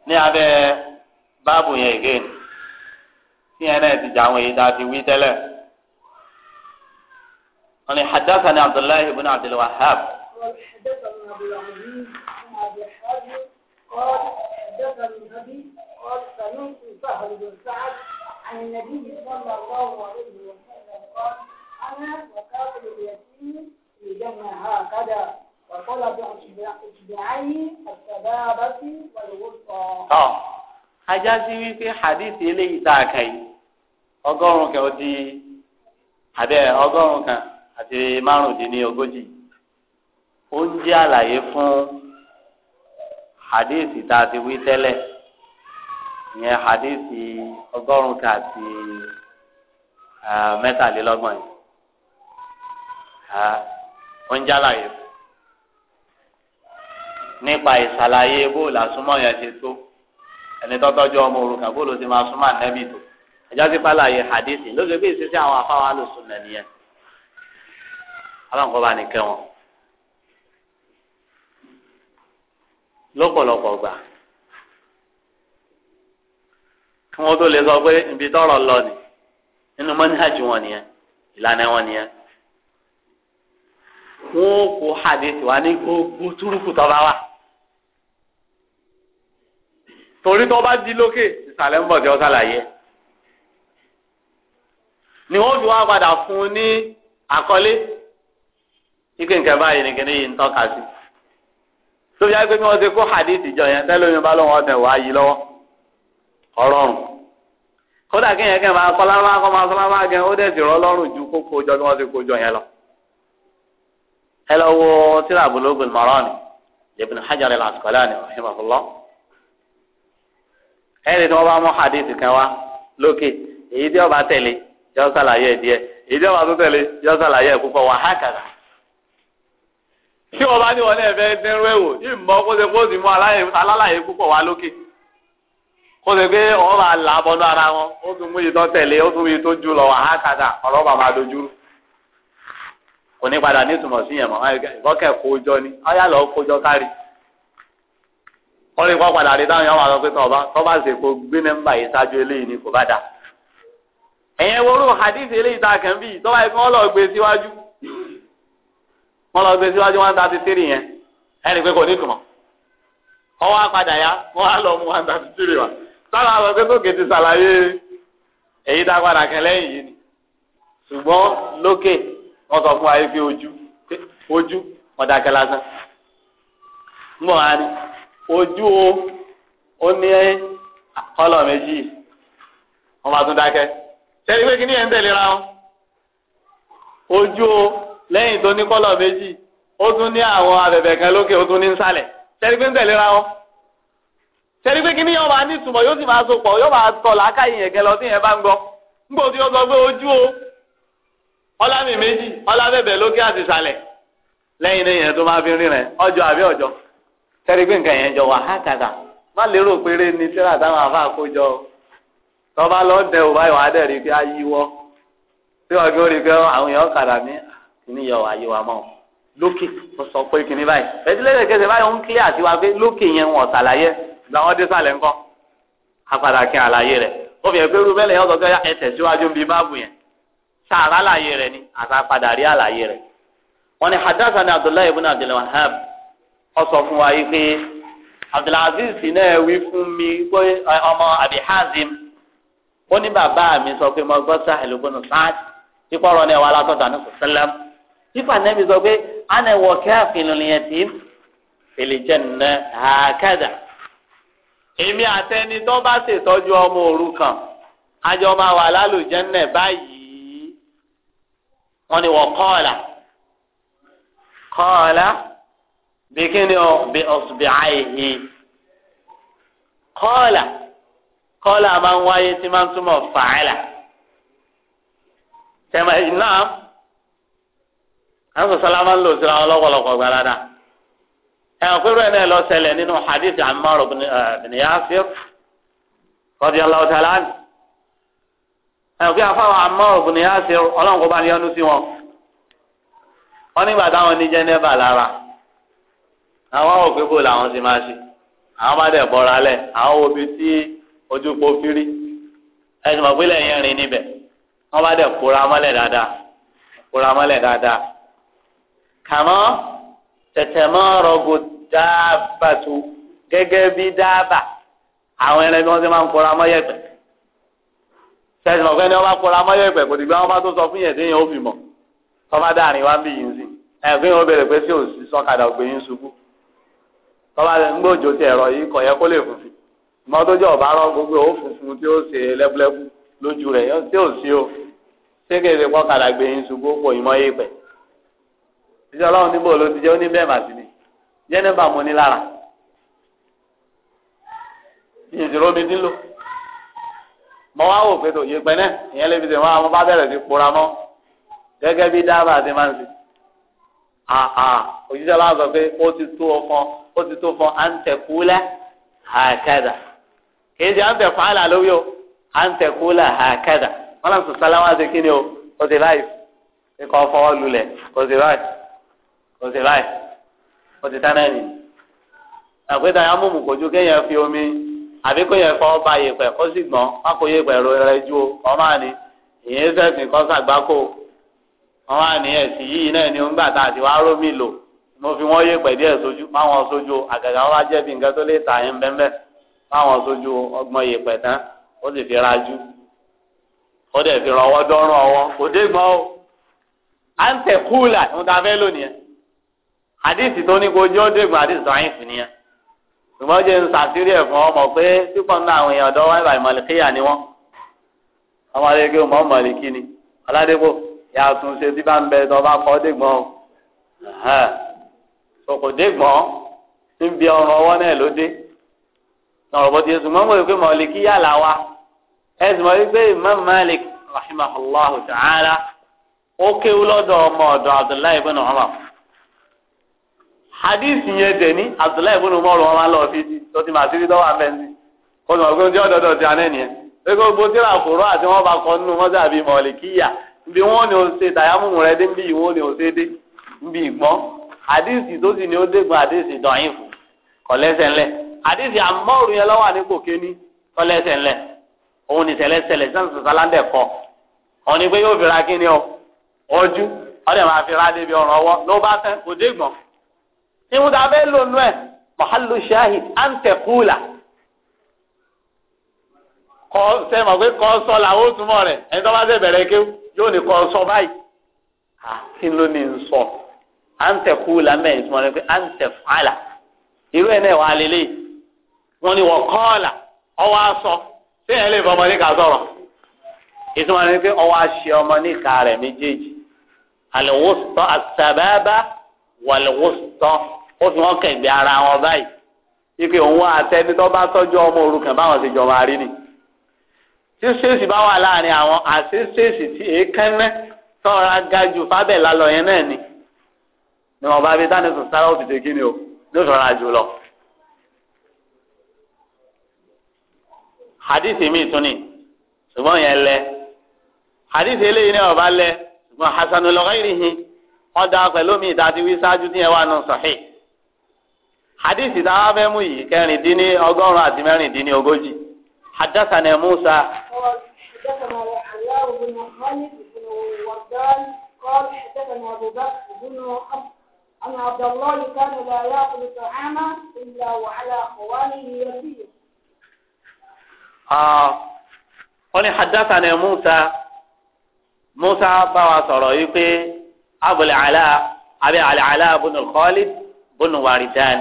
ní abẹ́ báàbù yẹn again tí yẹn ti jà àwọn èyí tá wí wọn ni hadassah ni abdullahi ibn abdulwahab. حدثنا قال حدثني أبي قال سمعت سهل بن سعد عن النبي صلى الله عليه وسلم قال أنا وكافر اليتيم في جنة هكذا وطلب إشبعي الشبابة والوسطى. ajá sí wípé hadith eléyìí tá a kà yìí ọgọ́rùn kan ó di àbẹ ọgọ́rùn kan àti márùndínlógójì ó ń jẹ́ àlàyé fún hadith tá a ti wí tẹ́lẹ̀ ìyẹn hadith ọgọ́rùn-ún kan àti mẹ́tàlélọ́gbọ̀n yìí ó ń jálàyé nípa ìsàlàyé bóòlù àsúmọ̀ yẹn ṣe tó ẹni tọ́tọ́jú ọmọ òrukàn bóòlù ti máa súnmọ́ ànẹ́bì tó ẹjọ́ ti pàlàyé hadith lóṣèlú ìṣesí àwọn afáwọn alùsùn nàníyẹn ọlọ́run nìkẹ́ wọn. lọ́pọ̀lọpọ̀ gbà kí wọ́n tó lè sọ pé ibi tọ́rọ̀ lọ ni nínú mọ́níhàjì wọn nìyẹn ìlànà wọn nìyẹn wọ́n kó hadith wa ní gbogbo túrúkù tọ́ba wa torí tọ́ba di lókè ìsàlẹ̀ ń bọ̀ tí ó sàlàyé ni wọ́n fi wá padà fún un ní àkọlé ike nǹkan báyìí nìkan ní yìí ń tọ́ka sí tó fi àgbẹ̀ mi wọ́n ti kó hadith jọ yẹn tẹ́lẹ̀ mi bá lọ́wọ́ ọ̀tẹ̀ wá yí lọ́wọ́ ọ̀rọ̀rùn kódà kéèyàn kẹ́ máa kọ́ lárúbá kọ́ máa sọ lárúbá gẹ́ ó dẹ̀ sì rọ́ lọ́rùn ju kókó jọ bí wọ́n ti kó jọ yẹn lọ. ẹ lọ wo tíra Bulugul Marami Ibn Hajar al-Asqalani rahimahullah ẹni tí wọ́n bá mú hadith kan wá lókè èyí tí ó tẹ̀lé yọ sàlàyé díẹ̀ èyí tí ó tó tẹ̀lé yọ sàlàyé púpọ̀ wà hákàdà kí wọn bá ní wọn náà yìí mọ kó ṣe mú púpọ̀ wá lókè kó pé ọ̀rọ̀ là ara wọn ó tún mú ìtọ́ tẹ̀lé ó tún mú ìtọ́ jù lọ kàdà ọ̀rọ̀ bàbá kò ní padà nítumọ̀ sí yẹn mọ́ kójọ ni ọ̀yà lọ kójọ kárí wọ́n lè padà rí táwọn yẹn wà lọ pé tọ́ba tọ́ba gbé ni kò bá dà ẹ̀yẹn hadith eléyìí wọ́n lọ gbé síwájú one thirty three yẹn ẹnì pé kò ní ìtumọ̀ ọwọ́ apàdà yá wọ́n á lọ mú one thirty three sọ sókè ti ṣàlàyé èyí tá a padà kẹ lẹ́yìn yìí ni ṣùgbọ́n lókè wọ́n sọ fún wa yìí pé ojú ojú ń bọ̀ ojú o ó ní kọ́lọ̀ lẹ́yìn tó ní kọ́lọ̀ méjì ó tún ní àwọn abẹ̀bẹ̀ kan lókè ó tún ní nsàlẹ̀ sẹ́ni ń tẹ̀lé ra wọn sẹ́ni kí ni yóò máa ní ìtumọ̀ yóò sì máa so pọ̀ yóò máa tọ̀ làákàyè yẹn gẹ́lọ́ tí yẹn bá ń gbọ́ nígbà tí ojú o ọlámì méjì ọlábẹ̀bẹ̀ lókè àti lẹ́yìn yẹn kíní yọ wá yé wa mọ́ lókè tó sọ pé kíní báyìí ẹtìlẹ́sẹ̀ kẹsẹ̀ báyìí ń kílẹ̀ àti wa pé lókè yẹn wọn ṣàlàyé làwọn dé sàlẹ̀ ńkọ́ apàdà kí àlàyé rẹ̀ ó fi hàn pé irú bẹ́lẹ̀ yọ sọ pé ẹsẹ̀ síwájú bíi báàbù yẹn sàrà àlàyé rẹ̀ ni àtàpadà rí àlàyé rẹ̀ wọn ni hadassah ni abdullahi ibn abdulwahab ọ sọ fún wa yìí pé abdulaziz náà wí fún mi pé ọmọ abi ó ní bàbá mi sọ pé mo gbọ́ sáà ìlú bọ́nù sáà tí kò rọ ní ẹ̀wà ní sọ́sẹ́lẹ̀m sífà nẹ́bi sọ pé ànẹ̀wọ̀ káfíìnù nìyẹn tì í fìlìjẹ̀nà àkàdà èmi àtẹni tó bá ṣètọ́jú ọmọ òrukàn àjọ máa wà lálùjẹ́nà báyìí wọ́n ní wọ́n kọ́ọ̀là kọ́ọ̀là bí kíni ọ bí ọ̀sùnbí àìhí kọ́ọ̀là kọ́ọ̀là máa ń wáyé tí máa ń túmọ̀ fàáìlà tẹ̀mẹ̀ náà àwọn sọ̀sọ́lá máa ń lò síra wọn lọ́pọ̀lọpọ̀ gbalada ẹ̀wọ̀n pẹ̀lú ẹ̀ náà lọ ṣẹlẹ̀ nínú hadith Ammar bin Yasir radiyallahu ta'ala anhu ẹ̀wọ̀n pẹ̀lú afáwọn Ammar bin Yasir ọlọ́run kó bá ní ọdún sí wọn wọn nígbà táwọn ní jẹ́nẹ́bà lára àwọn ò pé làwọn ti máa ṣe àwọn bá dẹ̀ bọ́ra lẹ̀ àwọn òbí tí ojú po fírí ẹ̀sìn mọ̀ pé rìn níbẹ̀ wọ́n bá dẹ̀ kóra mọ́lẹ̀ dáadáa kóra mọ́lẹ̀ dáadáa kàmọ́ tẹ̀tẹ̀mọ́ rọgò dáàbàtú gẹ́gẹ́ bí dáàbà àwọn ẹran bí wọ́n ti máa ń kóra mọ́yẹ̀pẹ̀ sẹ́yìn ọ̀fẹ́ ni wọ́n bá kóra mọ́yẹ̀pẹ̀ kò dìgbà wọn bá tó sọ fún yẹn déyìn ó fi mọ̀ tọ́ba dáàrin wá ń bì yín sí ẹ̀gbìn yóò bẹ̀rẹ̀ pé sí òsì sọ́kadà ògbéyín ṣubú tọ́ba ń gbòjò ti ẹ̀rọ yìí kọ̀ kó lè fùfì mọ tó ọba rọ gbogbo ó funfun tí ó ṣe lẹbúlẹbú lójú rẹ tí ó ṣe o ṣégeere pọkàlà gbẹyìn ṣubú pò ìmọ yìí pẹ ìjọ ọlọ́run níbo ló ti jẹ́ ó ní bẹ́ẹ̀ mà sí ni jẹ́nẹ́bà mo ní lára ìṣòro mi dín lò mọ wá wò pé tó yé pẹ́ náà ìyẹn lè fi tẹ̀ wọ́n àwọn bá bẹ̀rẹ̀ sí pora mọ́ gẹ́gẹ́ bí dábàá ti máa ń sìn àà òjíṣẹ́ láwọn sọ pé ó ti tó ọkàn ó ti tó fún àǹtẹ̀kúlẹ̀ àkàdà kì í ṣe àǹtẹ̀kọ́ lórí o àǹtẹ̀kúlẹ̀ àkàdà wọn làǹtẹ̀ sálámà ṣe kí ni o ó ti láì ikọ̀ fọwọ́ lulẹ̀ ó ti láì kò sí báyìí kò sí tánà ẹni àgbẹ̀dá yà mú mùkòjú kéèyàn fi omi àbí kéèyàn fọ ọba yèpẹ̀ kó sì gbọ́n má kó yèpẹ̀ rẹ ju ọmọ àní ìyẹn sẹ̀sìn kọ́ sàgbákò ọmọ àní ẹ̀sìn yìí náà ni ńgbà tá a ti wá rómì lò mo fi wọ́n yèpẹ̀ díẹ̀ sójú máwọn sójú àgàgà wọn wá jẹ́ bí nǹkan tó lè tà yín bẹ́ẹ̀ máwọn sójú ọgbọ́n yèpẹ̀ tán ó sì fi rajú ó dẹ̀ fi rọwọ́ dọ́rùn ọwọ́ kò dé gbọ́n o à ń tẹ̀ kúùlà ń ta fẹ́ lónìí àdìsí tó ní kojú ó dègbò àdìsí tó ayé fún nìyẹn ṣùgbọ́n jẹ́ ń sàtìrí ẹ̀ fún ọmọ pé pípọ̀ nínú àwọn èèyàn ọ̀dọ́ wáyé báyìí mọ̀lìkíyà ni wọ́n ọmọ adéke ọmọ mọ̀lìkí ni ọ̀làdégbò yà tún ṣe tí bá ń bẹ tó bá kọ́ dègbọ́n o kò dègbọ́n ń bi ọrùn ọwọ́ náà ló dé ọ̀rọ̀ bó ti yẹ ṣùgbọ́n pé mọ̀lìkíyà là wa ẹ sì mọ̀ wípé Imam Malik rahimahullahu ta'ala ó kéwú lọ́dọ̀ ọmọ ọ̀dọ̀ Abdullahi ibn Umar hadith yẹn dẹ̀ ní abdullahi ibùdó mọ́rùn wọn máa lọ fi ti tó ti máa ti rí dọ́wọ́ abẹ́ni kó ní ọgbọ́n tí ó ti anẹ́ nìyẹn pé kó gbó tíra àti wọn bá kọ nínú bí ni o ṣe tàyámùmù rẹ dé bí ìwọ ni o ṣe dé bí ìgbọ́n hadith tó sì ní hadith dọ̀yìn fún hadith yẹn lọ́wọ́ àníkò kéní òun ni o irun tá a fẹ́ lò nù ẹ̀ mahalu shahid antekula kọ́ ṣe mọ̀ pé kọ́ sọ làwọn ó se rẹ̀ ẹni tó bá ṣe bẹ̀rẹ̀ kéwù yóò ní kọ́ sọ báyìí kí ló ní n sọ antekula mẹ́rin túmọ̀ rẹ̀ pé antefala irú ẹ̀ náà wà á lélẹ̀ wọn ni wọ́n kọ́ ọ̀la ọwọ́ aṣọ ṣé ẹ lè fọmọ ní ká sọ̀rọ̀ ìtumọ̀ rẹ̀ pé ọwọ́ aṣẹ ọmọ ní ká rẹ̀ méjèèjì alwusta asababa walwusta. ó fi wọn kẹ̀gbẹ́ ara wọn báyìí ipe òun àtẹni tó bá tọ́jú ọmọ òrukàn báwọn ti jọmọ àrí ni tí ṣèṣì bá wà láàrin àwọn àti tí èékánná tọ́ra ga ju fábẹ́lá lọ yẹn náà ni ni wọn bá bí tani sùn sára ó ti dé kíni o ní ìṣọra jù lọ. hadithi mi tún ni ṣùgbọ́n yẹn lẹ hadithi eléyìí ni ọba lẹ ṣùgbọ́n hasanul ghairihi wọ́n da pẹ̀lú mi ìdájí wí ṣáájú ní ẹ̀wà nù sahih. حديث táwa fẹ́ mú yìí kẹrin dín ní ọgọ́rùn-ún àti mẹ́rin dín ní ogójì hadassana musa. قال حدثنا أبو بكر بن أن عبد الله كان لا يأكل طعاما إلا وعلى خوانه يسير. آه. قال حدثنا موسى موسى بوا صرايقي أبو العلاء أبي العلاء بن الخالد بن واردان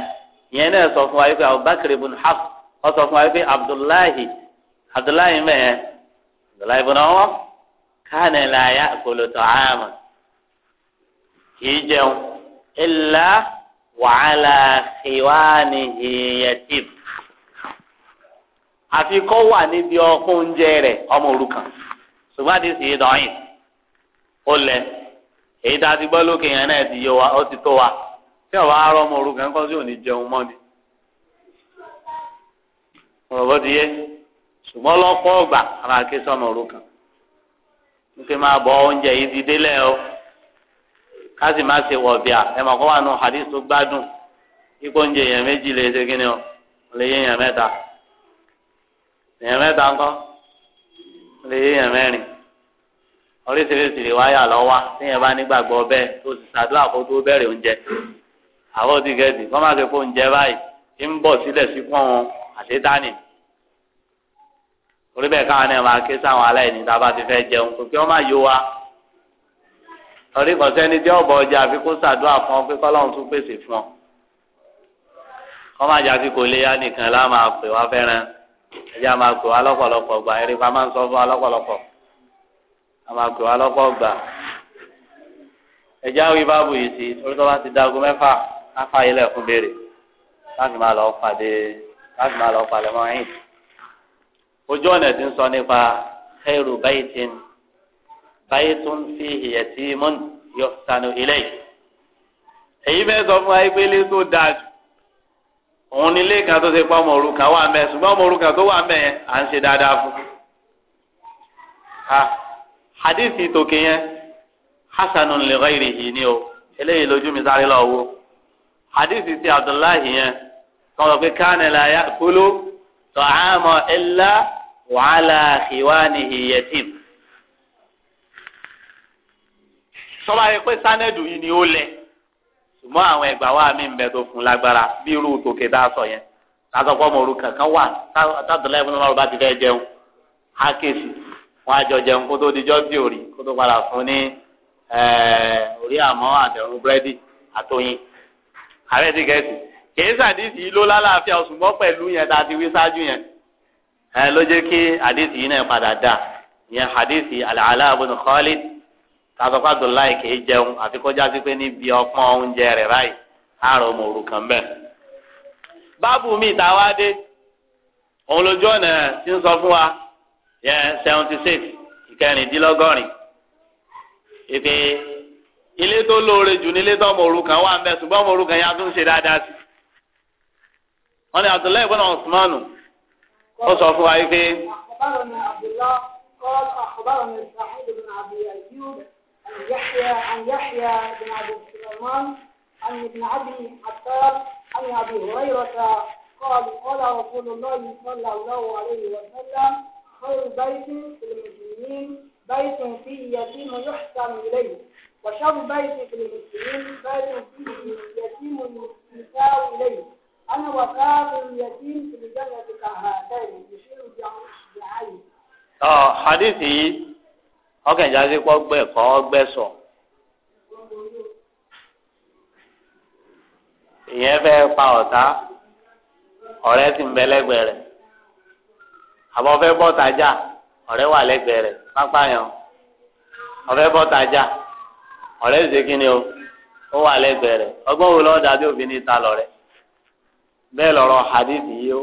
ìyẹn náà sọ fún wa yìí pé abubakar haf ọ sọ fún wa yìí pé abdullahi abdullahi mẹ́ẹ̀ abdullahi ibn ọwọ́ káàní làyà kòlòtò àmà kìí jẹun ilà wàhálà ìwánìhì yẹtìm àfi wà níbi ọkùn oúnjẹ rẹ̀ ọmọ òrukàn ṣùgbọ́n dọ̀yìn ó lẹ̀ èyí tá a ti gbọ́ lókè yẹn náà ti yọ tí ọba arọ ọmọ òrukàn ńkọ́ tí ò ní jẹun mọ́ ni ọ̀rọ̀ ti yé ṣùgbọ́n lọ́pọ̀ ọgbà ara ké sọ́nà òrukàn nítorí máa bọ oúnjẹ yìí ti délẹ̀ o ká sì má ṣe wọ̀ bíà ẹ mọ̀ kó wà nù hadith tó gbádùn ikú oúnjẹ yẹn méjì lè ṣe kí ni o lè yé yẹn mẹ́ta yẹn mẹ́ta ńkọ́ lè yé yẹn mẹ́rin oríṣiríṣi ìwáyà lọ́wọ́ tí yẹn bá nígbàgbọ́ bẹ́ẹ̀ tó sì ṣàdúrà kó tó bẹ̀rẹ̀ oúnjẹ. àwọn òdìgẹ́dì kọ́ máa ṣe kó ń jẹ báyìí ń bọ̀ sílẹ̀ sí fún wọn àṣetánì orí bẹ́ẹ̀ káwọn náà máa ké sáwọn aláìní tá a bá ti fẹ́ jẹun kò kí wọ́n máa yó wa torí kò sẹ́ni tí ọ̀bọ̀ ọjà àfi kó ṣàdúrà fún ọ pé kọ́lọ́run tún pèsè fún ọ kọ́ máa jà sí kò lè yá nìkan lá máa pè wá fẹ́ràn ẹjẹ́ a máa pè wá lọ́pọ̀lọpọ̀ gbà eré pa máa ń sọ fún wa lọ́pọ̀lọpọ̀ a máa pè wá lọ́pọ̀ gbà ẹjẹ́ àwọn ibà bù sí torí tó bá ti dago mẹ́fà káfáyé lẹ́kún béèrè láti máa lọ pàdé láti máa lọ pàdé mọ́ ẹ̀yìn. ojú ọ̀nà ti ń sọ nípa khairu baytin baytun fihi yatimun yuhsanu ilayhi. èyí bẹ́ẹ̀ sọ fún ayépélé tó dáa jù òun ní ilé kan tó ṣe pa ọmọ òrukàn wà mẹ́ ṣùgbọ́n ọmọ òrukàn tó wà mẹ́ yẹn à ń ṣe dáadáa fún. hadithi tòkè yẹn hasanun li ghayrihi ni o eléyìí lójú mi sáré lọ́wọ́ hadithi ti abdullahi yẹn tọ́lọ̀ pé kánẹ̀ la yá kúló tọ́hámọ̀ ilá wàhálà ìwánihì yẹtìm. sọ́ba yẹ pé sánẹ́dù yìí ni ó lẹ̀ ṣùgbọ́n àwọn ẹgbà wa mi ń bẹ tó fún lágbára bí irú tòkè tá a sọ yẹn lásọpọ̀ ọmọ òru kankan wà tábìlì ẹ̀fọn náà bá ti fẹ́ jẹun á kéṣì wọn àjọ jẹun kó tó dijọ́ bí òrì kó tó padà fún ní orí àmọ́ àtẹ̀rùn búrẹ́dì àtọyìn ààrẹ ti gẹ̀ẹ́sì kìí sàdísì yìí ló lálàáfíà oṣù mọ́ pẹ̀lú yẹn tá a ti wí ṣáájú yẹn ẹ ló jẹ́ kí àdísì yìí náà padà dà yẹn àdísì àlàálà ibn Khalid tàbí Abdullahi kìí jẹun àfi kọjá sí pé níbi ọpọ́n oúnjẹ rẹ̀ báyìí àárọ̀ ọmọ òru kan bẹ́ẹ̀. báàbù mi ìta wá dé òun lójú ọ̀nà tí ń sọ fún wa yẹn seventy six ìkẹrìndínlọ́gọ́rin ìpè ilé tó lóore jù ní ilé tó ọmọ òrukàn wà ń bẹ ṣùgbọ́n ọmọ òrukàn yẹn a tún ṣe dáadáa sí. wọ́n ní Abdullahi ibn Usmanu ó sọ fún wa yìí pé. عن يحيى بن عبد الرحمن عن ابن ابي عباس عن ابي هريره قال قال رسول الله صلى الله عليه وسلم خير بيت في المسلمين بيت فيه يتيم يحسن اليه وشر بيت في المسلمين بيت فيه يتيم يساء إليه أنا وكافر يتيم في الجنة كهاتين يشير بعين ọ hadithi ọkàn jáde kọ gbẹ kọ gbẹ sọ ìyẹn fẹ́ pa ọ̀tá ọ̀rẹ́ sì ń bẹ lẹ́gbẹ̀ẹ́ rẹ̀ àbọ̀ fẹ́ bọ tajà ọ̀rẹ́ wà lẹ́gbẹ̀ẹ́ rẹ̀ pápá yẹn ọ̀fẹ́ bọ tajà. ọ̀rẹ́ kí ni o ó wà lẹ́gbẹ̀ẹ́ rẹ̀ ọgbọ́n wo lọ́ọ́ dàbí obìnrin ta lọ bẹ́ẹ̀ lọ́rọ̀ hadith yìí ó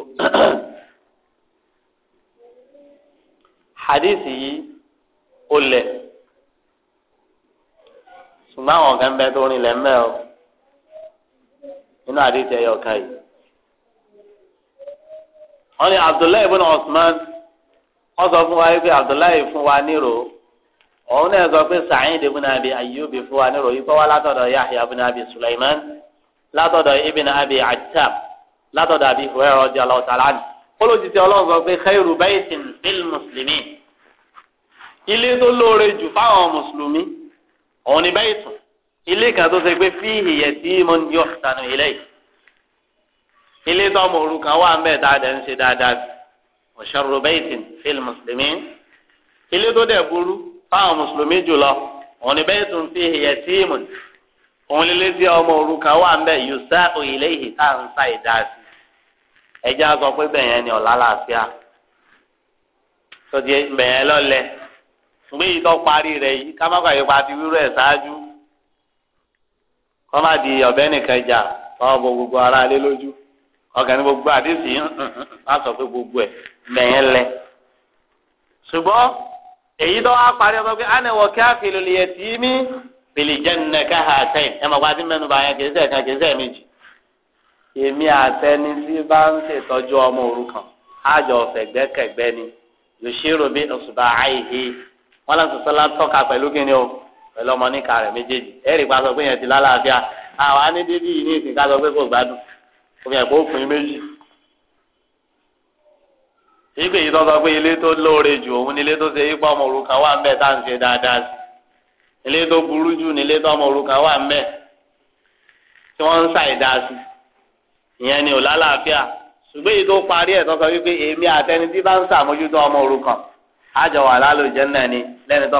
hadith yìí ó lẹ̀ ṣùgbọ́n àwọn kan bẹ tó mẹ́ o inú hadith ẹ̀yọ̀ kan yìí wọ́n ní Abdullahi Osman wọ́n sọ fún Abdullahi fún wa nírò. òun náà sọ pé Sa'id ibn Abi Ayyub fún wa ní ròyìn pọ́wá látọ̀dọ̀ Yahya ibn Abi Sulaiman látọ̀dọ̀ ibn Abi Attab látọ̀dọ̀ Abi Hurairah radiyallahu ta'ala anhu olójijì ọlọ́run sọ pé khairu baytin fil muslimin ilé tó lóore jù fáwọn mùsùlùmí òun ni baytun ilé kan tó ṣe pé fihi yatimun yuhtanu ilayhi ilé tó ọmọ òrukàn wà ń bẹ̀ dáadáa ń ṣe dáadáa wa sharru baytin fil ilé tó dẹ̀ burú fáwọn mùsùlùmí jùlọ òun ni fi hìyẹ tíìmù òun lílé ọmọ òrukàn wà ń bẹ̀ yusa òyìnlé yìí tá à ń sa ìdá sí bẹ̀yẹn ni ọ̀la làáfíà sọdí bẹ̀yẹn lọ́lẹ̀ gbé yìí tó parí rẹ̀ yìí ká ti ẹ̀ di ọ̀bẹ gbogbo ara lé lójú ọkàn ní gbogbo àdéhùn yìí sọ pé gbogbo ẹ̀ èyí tó wá parí ọ̀sán pé ànẹ̀wọ̀ káfílù lè tì mí bìlìjẹ́nìnà káhà sẹ́yìn ẹ̀ mọ̀ pa sí mẹ́nu bàyẹn kì í sẹ̀ kan kì í méjì. èmi àtẹni tí bá ń ṣètọ́jú ọmọ òrukàn àjọ fẹ̀gbẹ́kẹ̀gbẹ́ ni yòṣírò bí ọ̀ṣùbà àìhí wọn tọ́ka pẹ̀lú kíni o pẹ̀lú ọmọ níka rẹ̀ méjèèjì pé yẹn ti lálàáfíà àwa ní ìgbè yìí tọ́sọ pé ilé tó lóore jù òun ni ilé tó ṣe ipò ọmọ òrukàn wà ń bẹ̀ tá à ń ṣe dáadáa sí ilé tó burú jù ní ilé tó ọmọ òrukàn wà ń tí ń ni ò lálàáfíà ṣùgbọ́n èyí tó parí ẹ̀ tọ́sọ wípé èmi àtẹni tí bá ń ṣàmójútó ọmọ òrukàn ni lẹ́ni tó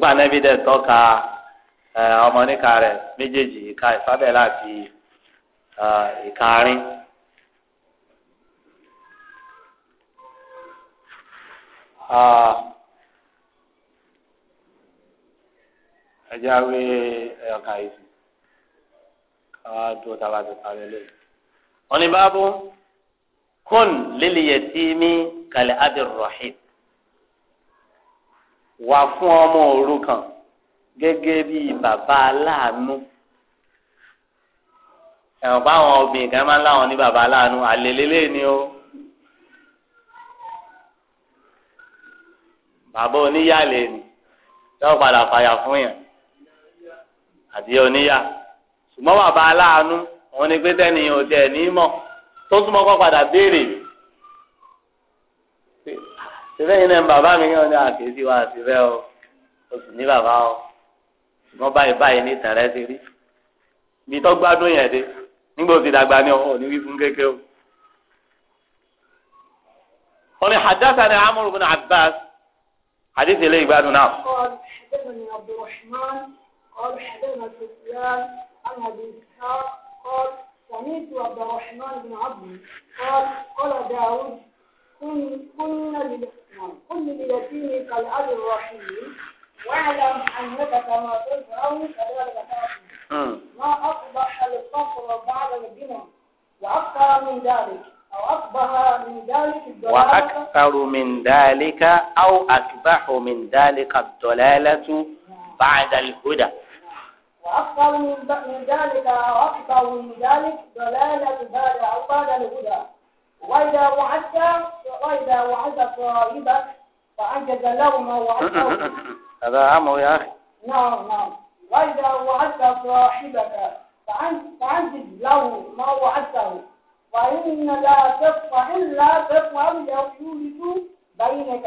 máa nẹ́bí dẹ̀ tọ́ka ọmọ níka rẹ̀ méjèèjì ẹjẹ́ awé ẹ̀yọkà yìí sí káwá dúró tá a bá ti parí lé. ọ̀nì báàbò kún lílì yẹtìmí kàlẹ́ adìrọ̀hìn wà fún ọmọ òrukàn gẹ́gẹ́ bíi bàbá aláàánú ẹ̀wọ̀n báwọn obìnrin kan máa ń láwọn ní bàbá aláàánú àlè ni ó. bàbá oníyàlè ni yóò padà fàyà fún yàn àti oníyà ṣùgbọ́n bàbá aláàánú òun ni pé tẹ́ni ò tiẹ̀ ní mọ̀ tó túmọ̀ kọ́ padà béèrè síbẹ̀ yìí náà bàbá mi yàn ní àkèésí wa síbẹ̀ o o sì ní bàbá o ṣùgbọ́n báyìí báyìí ní tẹ̀rẹ́ ti rí ibi tó gbádùn yẹn dé nígbà òsì dàgbà ni ọ̀ ní wí kékeré o. قال حدثنا عمرو بن عباس حديث إليه بعد نعم قال حدثني عبد الرحمن قال حدثنا سفيان عن أبي إسحاق قال سمعت عبد الرحمن بن عبد قال قال داود كن كن كن ليتيم كالأب الرحيم واعلم أنك كما تزرع كذلك تأكل ما أصبح الفقر بعد الغنى وأكثر من ذلك وأكثر من ذلك أو أكبح من ذلك الضلالة بعد الهدى وأكثر من ذلك أو أكبر من ذلك ضلالة بعد بعد الهدى وإذا وعدت وإذا وعدت صاحبك فأنجز له ما وعدته هذا أمر يا أخي نعم نعم وإذا وعدت صاحبك فأنجز له ما وعدته فإن لا فإن لا تفعل يولد بينك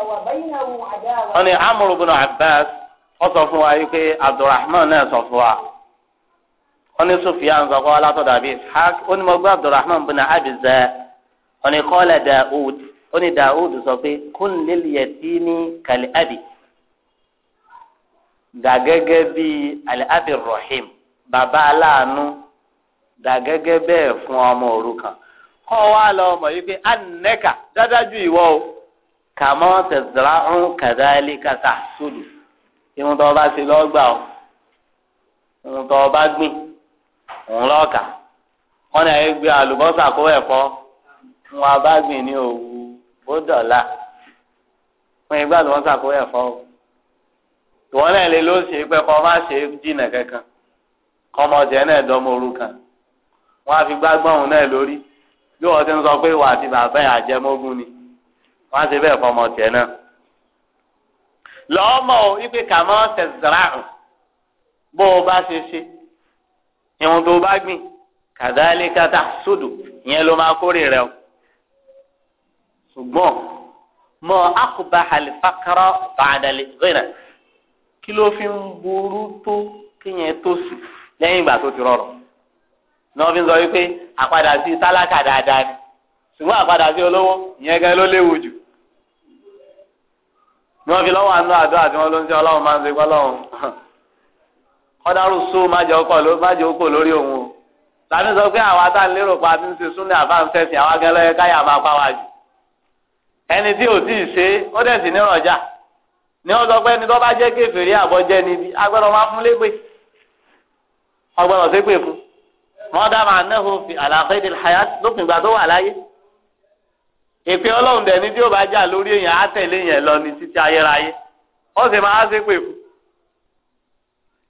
عمرو بن عباس ọsọ fún wa yìí pé abdulrahman náà sọ fún wa wọn ní sufiyan sọ kọ́ látọ̀dọ̀ àbí ishaq ó ní mo gbọ́ abdulrahman bin abizẹ wọn ní kọ́lẹ̀ daoud ó ní daoud sọ pé kún lil yatimi kàlẹ́ àbí gàgẹ́gẹ́ bíi al bàbá aláàánú gàgẹ́gẹ́ bẹ́ẹ̀ fún ọmọ òrukàn kọ́ wa lọ mọ̀ yìí pé anẹ́ka dádájú ìwọ o kàmọ́ tẹ̀síra ń kàdáálé kàtà sódù ìhun tó o bá ṣe lọ́gbà o ìhun tó o bá gbìn òun lọ́ọ̀kà wọ́n ní ayé gbé àlùbọ́sà kó ẹ̀fọ́ wọn bá gbìn ní òwú ó dọ̀la wọ́n yìí gbé àlùbọ́sà kó ẹ̀fọ́ o ìwọ́n náà lè ló ṣe pé kọ́ má ṣe jìnnà kankan kọ́ ọmọ ọ̀jẹ̀ náà dọ́mọ orú kan wọ́n á fi gbágbọ́n òun náà lórí bí wọ́n ti ń sọ pé wà àti bàbá yà jẹmógún ni wọ́n á ti bẹ́ẹ̀ fọmọ tiẹ̀ náà. lọ́mọ o ipe kàmọ́ tẹ̀sán bó o bá ṣe ṣe ìwọ̀n tó o bá gbìn kàdáálé kátà sódò ìyẹn ló máa kórè rẹ o. ṣùgbọ́n mọ àkùbá àlìfákàrọ̀ bàdàlẹ̀ gbẹ̀nà kí ló fi ń burú tó kéèyàn tó sì lẹ́yìn ìgbà tó ti rọrùn ní wọ́n fi ń sọ wípé àpadà sí tálákà dáadáa ni ṣùgbọ́n àpadà sí olówó ìyẹn gan ló léwu jù ní wọ́n fi lọ́wọ́ àánú àdó àti wọn ló ń ṣe ọlọ́run máa ń ṣe pọ́lọ́run kọ́dárù sóò má jẹ́ okò lórí òun o tàbí sọ pé àwa tá a lérò pa ti ń ṣe súnlẹ̀ àbáǹfẹ̀sìn àwa gan lọ́yẹ káyà máa pa wájú ẹni tí ò tíì ṣe ó dẹ̀ sì nírànjà ni wọ́n sọ pé ẹni tó bá jẹ́ kéferì àbọ̀jẹ́ níbi agbọ́dọ̀ máa fún légbè ọgbọ́dọ̀ ṣépè fún mọ́dàmà anáhù fi àlàfẹ́ ìdílé hayá lópin ìgbà tó wà láyé ìpè ọlọ́run dẹ̀ ní tí ó bá jà lórí èèyàn á tẹ̀lé yẹn lọ ní títí ayérayé wọ́n sì máa ṣe pè fún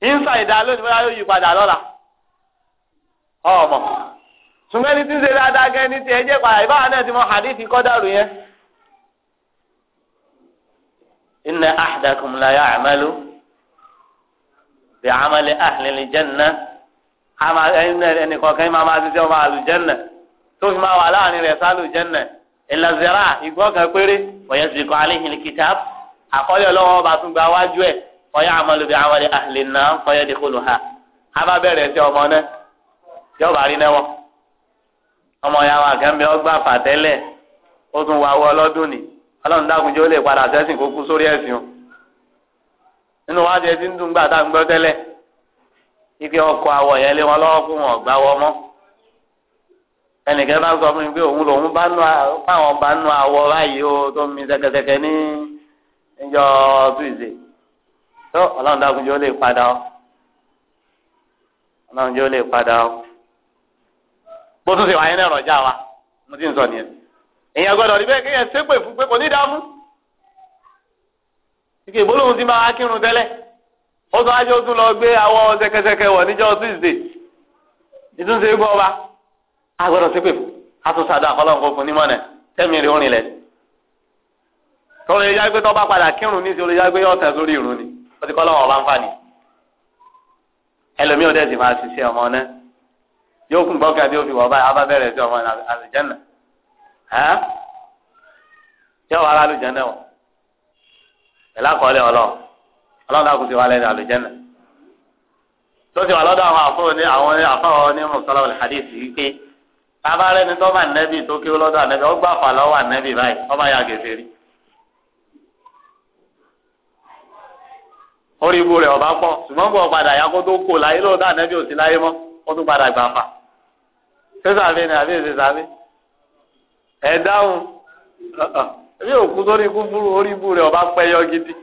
ìnsà ìdá lónìí bóyá yóò yí padà lọ́la ọmọ ṣùgbọ́n ẹni tí ń ṣe dáadáa gẹ́ ní ti ẹjẹ́ padà ìbára náà ti mọ hadithi kọ́dàrú yẹn. inna ahdakum la ya'malu bi amali ahli jannah ẹnìkan kan máa máa ṣiṣẹ́ ọmọ àlùjẹ́nà tó fi máa wà láàrin rẹ̀ sálùjẹ́nà ìlàzẹ́rà ìgbọ́ kan péré wọ̀nyẹn sì kọ́ aléhìn kìtàb àkọ́lé ọlọ́wọ́ ọba tún gba wájú ẹ̀ fọyà àmọ́lùbí àwọn àlè náà fọyà dìkọlù ha ábá bẹ̀rẹ̀ sí ọmọ náà yóò bá rí náwọ́ ọmọ ya wa kàn bẹ ọgbà fàtẹ́lẹ̀ ó tún wà wọ ọlọ́dún ni ọlọ́run ike ọkọ awọ yẹn lé wọn lọ́wọ́ fún wọn gbá wọn mọ́ ẹnìkan bá sọ fún mi pé òun lòun bá nu fáwọn bá nu awọ báyìí o tó mi sẹkẹsẹkẹ ní ìjọ tuesday tó ọlọ́run dákun jẹ́ lè padà ọ́ ọlọ́run jẹ́ lè padà ọ́ bó tún ṣe wáyé náà rọjá wa mo ti ń sọ nìyẹn èèyàn gbọ́dọ̀ rí bẹ́ẹ̀ kéèyàn ṣépè fún pé kò ní dààmú ike ìbólóhùn ti máa kírun tẹ́lẹ̀ ó tún ajé tún lọ gbé àwọn ṣẹkẹṣẹkẹ wọ̀ níjọ́ tuesday ìtúnṣe gbọ́ ọba agbọ́dọ̀ ṣépè fún atúnṣàdá àkọlọ́nkọ fún nímọ̀ náà tẹ́mi rí orin lẹ̀ tọ́lẹ̀ yá pé tọ́ba padà kírun ní ìṣòro yá pé tẹ̀ sórí ìrun ni ó ti kọ́ lọ́wọ́ ọba ń fà ní ẹlòmíì ọ̀dẹ̀ sì máa ṣiṣẹ́ ọmọ náà yóò kún bọ́ọ̀kì àti òfin wọ́n báyìí abábẹ́rẹ̀ sí ọmọ àlùjẹ́nà yóò wá ọlọ́dà kò sí wa lẹ́nu àlùjẹ́nà tó ti wà lọ́dọ̀ àwọn àfọwọ́ ní àwọn àfọwọ́ ní mùsùlùmí alhadith yìí pé bàbá rẹ ni tó bá nẹ́bì tó kí lọ́dọ̀ ànẹ́bì ó gbà fà lọ́wọ́ ànẹ́bì báyìí ó bá ya gèsè rí. orí ibu rẹ̀ ọba pọ̀ ṣùgbọ́n bọ̀ padà ya kó tó kó láyé lóòótọ́ ànẹ́bì ò sí láyé mọ́ ó tún padà gbà fà. sẹ́sàbí ni àbí èsè ẹ̀ dáhùn ẹ̀mí òkú sórí ikú fúru orí ibu rẹ̀ ọba pẹ́yọ gidi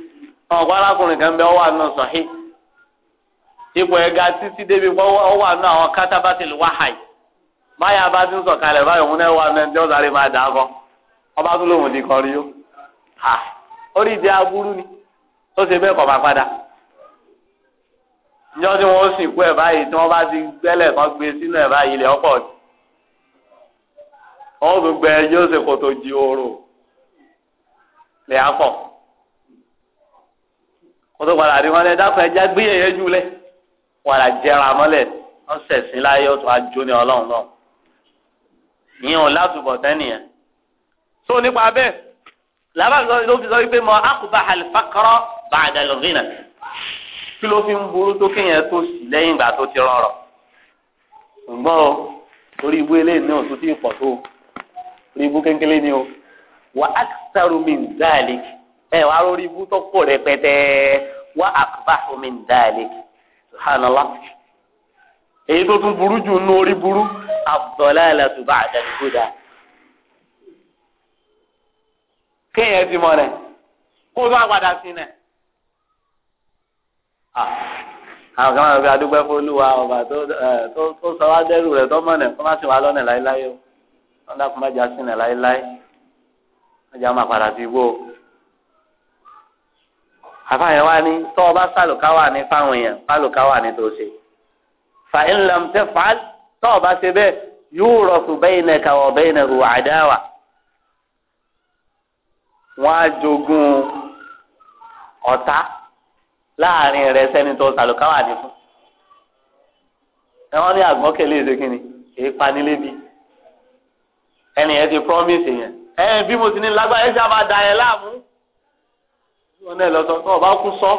ọ̀pọ̀ arákùnrin kan bẹ ọwọ́ àná sọ̀hí ipò ẹ̀ga títí débi ọwọ́ àná àwọn kátàbátìlì wáhàì báyà bá ti ń sọ̀kalẹ̀ báyọ̀ òun náà wà ní ẹni sáré máa dà á ọba tó lòun di kọrí yó ha orí ìdí aburú ni tó ṣe bẹ́ẹ̀ kọ̀ bá padà ní ọdún wọn ó sìnkú ẹ̀ báyìí tí wọ́n bá ti gbẹ́lẹ̀ kan gbé sínú ẹ̀ báyìí ilẹ̀ ọ̀pọ̀ ọ̀dùn wọn ò tún gbẹ yóò ṣe kòtò jí oorun lè á pọ̀ wọ́n tó padà rí wọn lẹ dákọ̀ ẹja gbé yẹyẹ jù lẹ wọn là jẹra mọ́lẹ̀ wọ́n sẹ̀sìn láyé ọ̀tún ajóni ọlọ́run náà ìyẹn ò látúbọ̀ tẹ́nìyẹn. tó nípa bẹ́ẹ̀ làbàgbọ́ ló fi sọ wípé mọ àkùbá àlìfàkọ́rọ́ bàdàlùfínà kí ló fi ń burú tó kéèyàn tó sì lẹ́yìn ìgbà tó ti rọrọ̀ ṣùgbọ́n o orí ibú eléyìí náà tó ti pọ̀ tó orí ibú kéńkélé ni o wà á sàrùmí zálìkì ẹ wàá lórí ibú tó pọ̀ rẹpẹtẹ wá akbahu min dhalik subhanallah èyí tó tún burú jù nù orí burú ad-dalalatu ba'da al-huda kéèyàn ti mọ rẹ kó tó àgbàdà sí nẹ. Ah, àwọn kan máa ń fi adúgbò fún olúwa ọba tó sọ wá dẹrù rẹ tó mọ̀ nẹ̀ kó má sì wá lọ́nà láéláé o wọ́n dákun má jà sí nẹ̀ láéláé má jà má padà sí igbó o àfààyàn wa ni tọ́ ọba sálùkáwà ní fáwọn èèyàn sálùkáwà ní tó ṣe fa in lam taf'al tọ́ ọba ṣe bẹ́ẹ̀ yóò rọ̀tù baynaka wa baynahu àdáwà wọ́n á jogún ọ̀tá láàrin rẹ sẹ́ni tó sálùkáwà ní fún ẹ̀wọ́n ní àgbọ́kẹ̀lé ìṣèkínni èyí panilébi ẹnìyẹn ti promise yẹn ẹ bí mo ti ní lágbára ẹ ṣáà máa da ẹ láàmú wọn náà lọ́sọ tó ọba kú sọ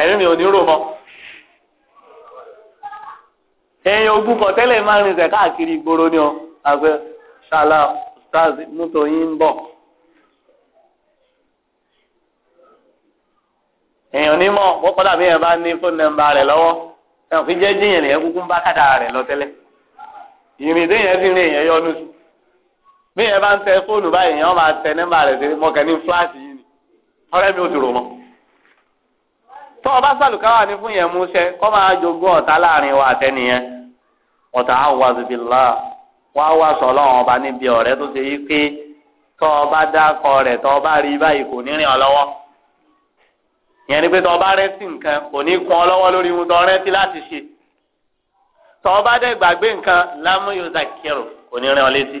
ẹ̀rín mi ò ní rò mọ́. èèyàn ogún kan tẹ́lẹ̀ máa ń rìn sẹ̀ káàkiri ìgboro ni ọ àgbẹ̀ ṣàlà stars mọ́tò yín ń bọ̀. èèyàn ní mọ̀ wọ́n kọ́dà bí èèyàn bá ní fóònù nọ́mbà rẹ̀ lọ́wọ́ ẹ̀hún fi jẹ́ jíyàn lèyàn kúkú ń bá kàdà rẹ̀ lọ tẹ́lẹ̀ ìrìn téèyàn fi rìn èèyàn yọnu sí bí èèyàn bá ń tẹ fóònù báyìí èèyàn máa tẹ nọ́mbà rẹ̀ sí mọ́kànlí fúláṣì yìí ọ̀rẹ́ mi ò dúró mọ́ tọ́ ọba sàlùkáwà ní fún yẹn múṣẹ́ kọ́ máa jogún ọta láàrin wa àtẹnìyẹn ọta àwọn àzùbìlá wá wá sọ ọba níbi ọ̀rẹ́ tó ṣe yí pé tọ́ ọba dákọ rẹ̀ tọ́ ọba rí báyìí kò ní rìn ọ rẹ́sì nǹkan kò ní ọ lọ́wọ́ lórí ohun rẹ́sì láti ṣe ọ létí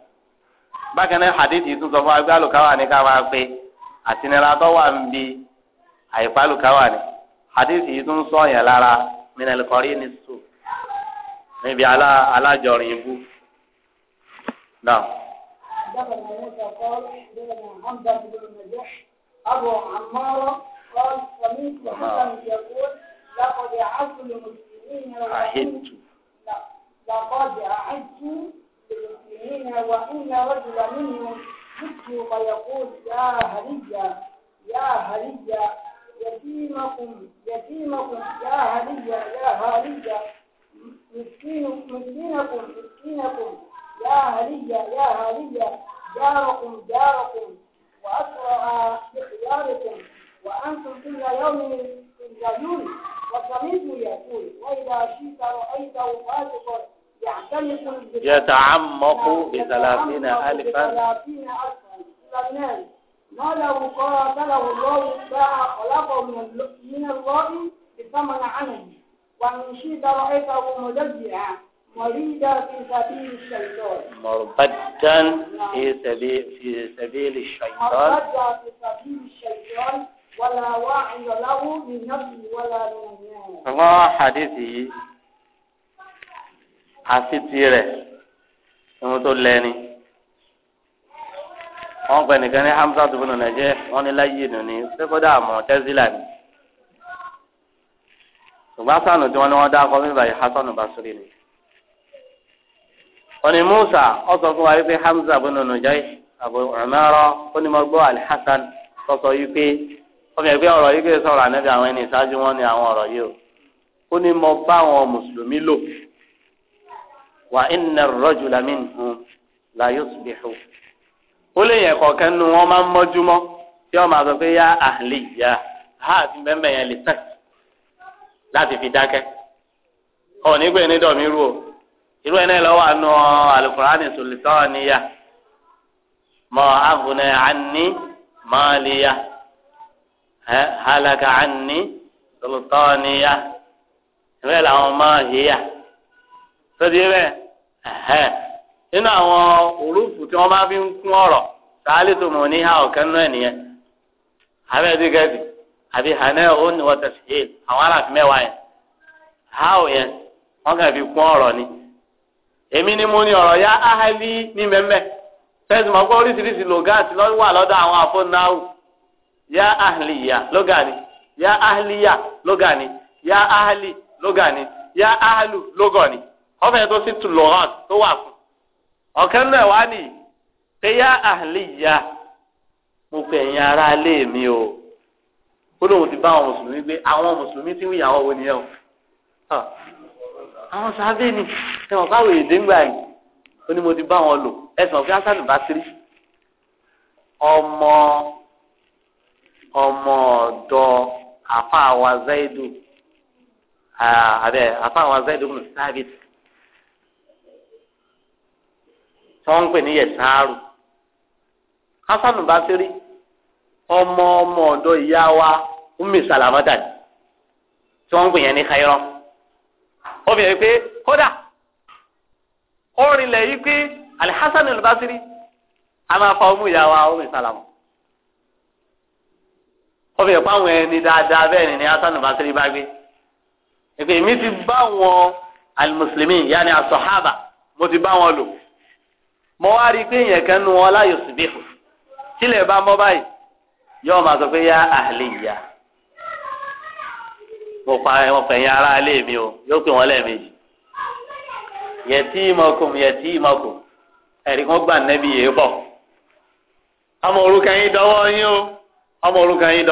bákan náà hadithi tún sọ fún agbé alùkáwà ní ká máa pe àtinira tó wà ń bi àyípa alùkáwà ní hadithi tún sọ yẹn lára minalkọrí ní sùn níbi alájọrin ibú náà. دخل موسى قال حدثنا حمزه بن النجاح ابو سمعت حسن يقول لقد اعدت للمسلمين لقد المسلمين وإن رجلا منهم يبكي فيقول يا هلية يا هلية يتيمكم يتيمكم يا هلية يا هلية مسكين مسكينكم مسكينكم يا هلية يا هلية جاركم جاركم وأسرع بخياركم وأنتم كل يوم تجريون وسمعت يقول وإذا شئت رأيته فاتقا يتعمق بثلاثين ألفا ما لو قاتله الله باع خلقه من من الله بثمن عنه ومن شئت رأيته مدجعا مريدا في سبيل الشيطان مرتدا في سبيل في سبيل الشيطان مرتدا في سبيل الشيطان ولا واعي له من نفسه ولا من الله حديثه àfi tirẹ̀ irun tó ni wọn pẹ nìkan ní Hamza tó bínú nàìjẹ wọn ní láyé nù ní sẹkọdà àmọ́ tẹsílà ni sànù tí wọn ní wọn dá akọ bíbá yìí hasanu basiri ni Musa ó fún wa wípé Hamza bínú nàìjẹ Abu Umara ó ní mo yìí kò ànábì àwọn ẹni ìṣáájú wọn àwọn o mo bá wà inna ar-rajula minhum la yusbihu. ó lè yẹn kọ̀ọ̀kan nu wọn máa ń mọ́júmọ́ tí wọ́n máa sọ pé yá ahli yá ha ti bẹ́ẹ̀ yẹn lè tẹ̀ láti fi dákẹ́. ọ̀ nígbà ní dọ̀mí rú o irú ẹ̀ náà lọ́wọ́ àánú alukurani sòlítọ́ níyà mọ àgùnà àní màálíyà halaka àní sòlítọ́ níyà ìrẹ́lẹ̀ àwọn máa hìyà sọ́dí bẹ́ẹ̀. nínú àwọn òrùfù tí wọ́n bá fi ń kún ọrọ sáálì tó mọ̀ ní ha náà nìyẹn abẹ́ ti àbí hanẹ́ òun wọ́n tẹ̀sí yìí àwọn aláàfin mẹ́wàá yẹn ha yẹn wọ́n kàn fi kún ọrọ ni èmi ni mo ní ọ̀rọ̀ yá áhálí ní mẹ́mẹ́ fẹ́ẹ́sì oríṣiríṣi lògáàtì wà lọ́dọ̀ àwọn yá lógàní yá lógàní yá lógàní yá ọfẹ tó sì tu lọhàn tó wà fún ọkàn náà wà ní kéyà àhìlíyà mo pè ẹ̀yin ará ilé mi o ó lóun ti bá àwọn mùsùlùmí gbé àwọn mùsùlùmí tí ń wíyà àwọn wo nìyẹn o àwọn sábẹ́ ni ẹ mọ̀ fáwọn èdè ń yìí ó ní mo ti bá wọn lò ẹ sì mọ̀ bá tiri ọmọ ọmọ ọ̀dọ̀ àfa àwa zaidu àbẹ àfa àwa zaidu mùsùlùmí sábẹ́ wọ́n ń pè ní yẹ̀sáàrù hasanu basiri ọmọ ọmọ ọ̀dọ̀ ìyá wa umi salamata ni tí wọ́n ń pè yẹn ní kairọ́ obìnrin pé kódà ó rinlẹ̀ yìí pé alihasanu basiri a máa fa ọmú ìyá wa umi salama obìnrin pé àwọn ẹni dáadáa bẹ́ẹ̀ ni ni hasanu basiri bá gbé èpè mi ti bá wọn alimusulmi yanni asọ̀hábà mo ti bá wọn lò. mo wá rí i pé èèyàn kan nu wọn láyò síbí tílẹ̀ bá mọ́ báyìí yóò máa sọ pé yá àlè ìyá mo pa ẹ̀wọ̀n ara mi o yóò pè wọ́n lẹ́ẹ̀mejì yẹtí mọ̀kùn yẹtí mọ̀kùn ẹ̀rí kan gbà nẹ́bí yìí pọ̀ ọmọ yín mi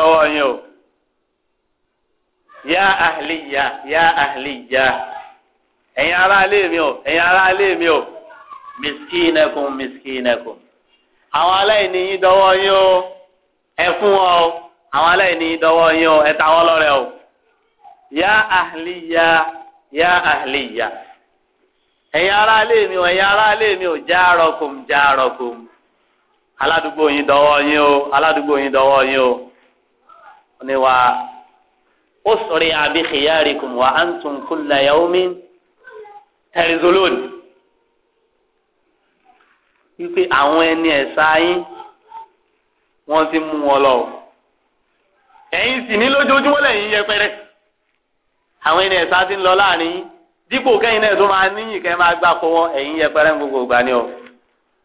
o ara mi o. miskinakum miskinakum àwọn aláìní yín dọ́wọ́ yín o ẹ fún wọn o àwọn aláìní yín dọ́wọ́ yín o ẹ ta wọ́n lọ́rẹ o ya ahliya ya ahliya ẹ̀yin ará ilé mi o ẹ̀yin ará ilé o jarakum jarakum aládùúgbò yín dọ́wọ́ yín o aládùúgbò yín dọ́wọ́ yín o ni wa usri bi khiyarikum wa antum kulla yawmin tarizulun wípé àwọn ẹni ẹ̀sà yín wọ́n ti mú wọn lọ. ẹ̀yin sì ní lójoojúmọ́ lẹ́yìn yẹpẹrẹ àwọn ẹni ẹ̀sà ti ń lọ láàrin yín dípò kẹ́yìn náà tó máa níyìn kẹ́ máa gbà fún wọn ẹ̀yin yẹpẹrẹ ń gbogbo ìgbà ni o.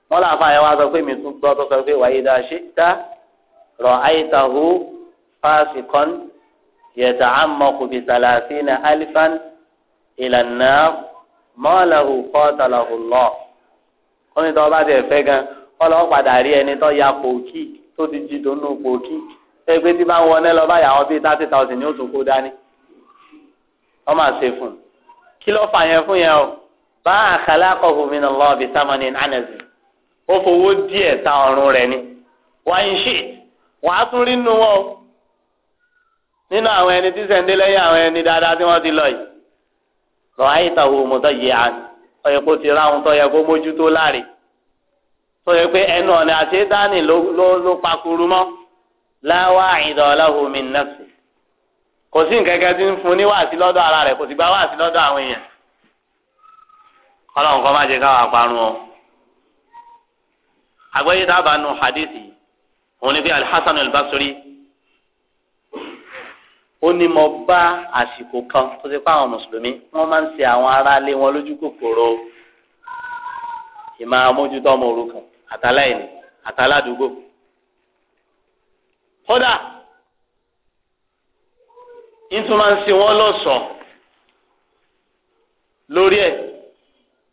wọ́n láǹfà yẹn wá sọ pé mi tún gbọ́ tó sọ pé wàyí dá ṣe dá rọ̀ àyítahu fásikọ́n yẹ̀tà àmọ́kù bíi ní alifan ìlànà mọ́ọ̀lẹ́hù kọ́ọ̀tàlàhù lọ́ọ̀ ó ní tọ́ bá tẹ̀ fẹ́ gan ọlọ́wọ́ padà rí ẹni tó ya pòkì tó ti jí dòun nù pòkì ẹ pé tí bá ń wọlé lọ báyà wọn bíi thirty thousand ni ó tún kó dání wọ́n máa ṣe fún un kí ló fà yẹn fún yẹn o bá àkàlà kọ̀ọ̀kọ̀ mi nà lọ́wọ́ bíi sámánì ànàzì ó fowó díẹ̀ ta ọ̀run rẹ̀ ni wọ́n ń ṣe wàá tún rí nù wọn o nínú àwọn ẹni tí sẹ́ńdé lẹ́yìn àwọn ẹni dáadáa tí wọ́n ti lọ yìí lọ́wọ́ ọyẹ kó ti ra ohun tó yẹ kó mójútó láre tó yẹ pé ẹnu ọ̀nà àti dání ló ló ló pakuru mọ́ láwa ìdọ̀ọ́láhùn mi nafsi kò sí nǹkan kan tí ń fún ní wáàsí lọ́dọ̀ ara rẹ̀ kò sì gba wáàsí lọ́dọ̀ àwọn èèyàn ọlọ́run kọ́ má jẹ́ káwọn àparun ọ. àgbẹ̀yẹ dábàá nù hadisi òun ni bí alhassan al-basri ó ní mo bá àsìkò kan tó ti pa àwọn mùsùlùmí wọ́n máa ń ṣe àwọn aráalé wọn lójú kòkòrò ìmọ̀ àmójútó ọmọ òrukàn àtàláìní àtàládùúgbò kódà nítorí máa ń ṣe wọ́n lọ́ṣọ̀ọ́ lórí ẹ̀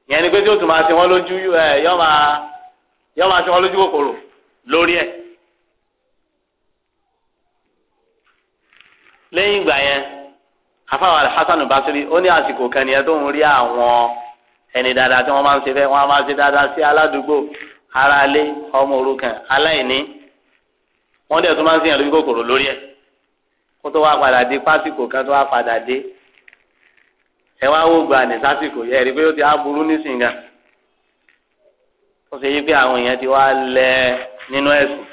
ìyẹn ni pé tí ó tún máa ṣe wọ́n lójú yọ máa yọ máa lójú kòkòrò lórí ẹ̀. lẹ́yìn ìgbà yẹn afáwọn alhassan basiri ó ní àsìkò kan nìyẹn tó ń rí àwọn ẹni dáadáa tí wọ́n máa ń ṣe fẹ́ wọ́n máa ń ṣe dáadáa sí aládùúgbò aráalé ọmọ òrukàn aláìní wọ́n dẹ̀ tún máa ń sèyàn lórí kòkòrò lórí ẹ̀ kó tó wá padà dé pásìkò kan tó wá padà dé ẹ wá wó gba ní sásìkò yẹ ẹ̀rí pé ó ti á burú nísìnyí ó ṣe yí pé àwọn èèyàn ti wá lẹ nínú ẹ̀sùn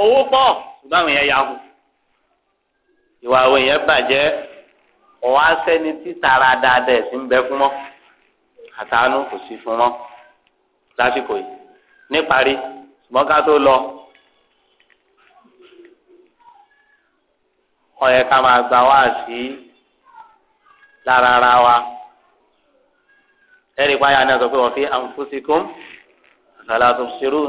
owó pọ̀ ṣùgbọ́n àwọn èèyàn yahoo ìwà àwọn èèyàn bàjẹ́ ọ̀wá sẹ́ni títara dáadáa ẹ̀sìn ń bẹ fún mọ́ àtàánú kò sí fún mọ́ lásìkò yìí níparí ṣùgbọ́n ká tó lọ ó ká máa gba wá sí lára ara wa ẹ̀rí páyà náà sọ pé wọ́n fi àǹfóṣìkún àtàlà tó ṣerú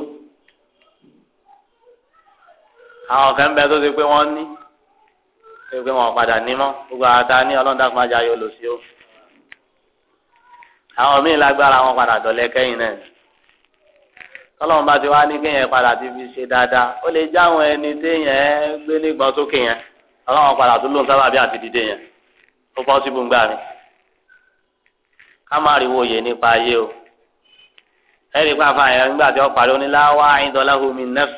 àwọn kan bẹ tó ṣe pé wọ́n ní pé wọn padà nímọ̀ gbogbo ata ní ọlọ́dà kan ajá yóò lò sí o. àwọn míì lágbára wọn padà dọ̀lẹ́ kẹ́yìn náà tọ́lọ́run bá ti wá ní kéèyàn padà ti fi ṣe dáadáa ó lè já àwọn ẹni téèyàn gbé nígbọ́n sókè yẹn ọlọ́run padà tó lóun sábàbí àti dìde yẹn ó bọ́ sí gbòǹgbà mi ká má rí wòye nípa ayé o ẹ̀rí pàfà yẹn nígbà tí wọ́n parí oníláwá ayíǹdọ́láhùn mi nẹ́fù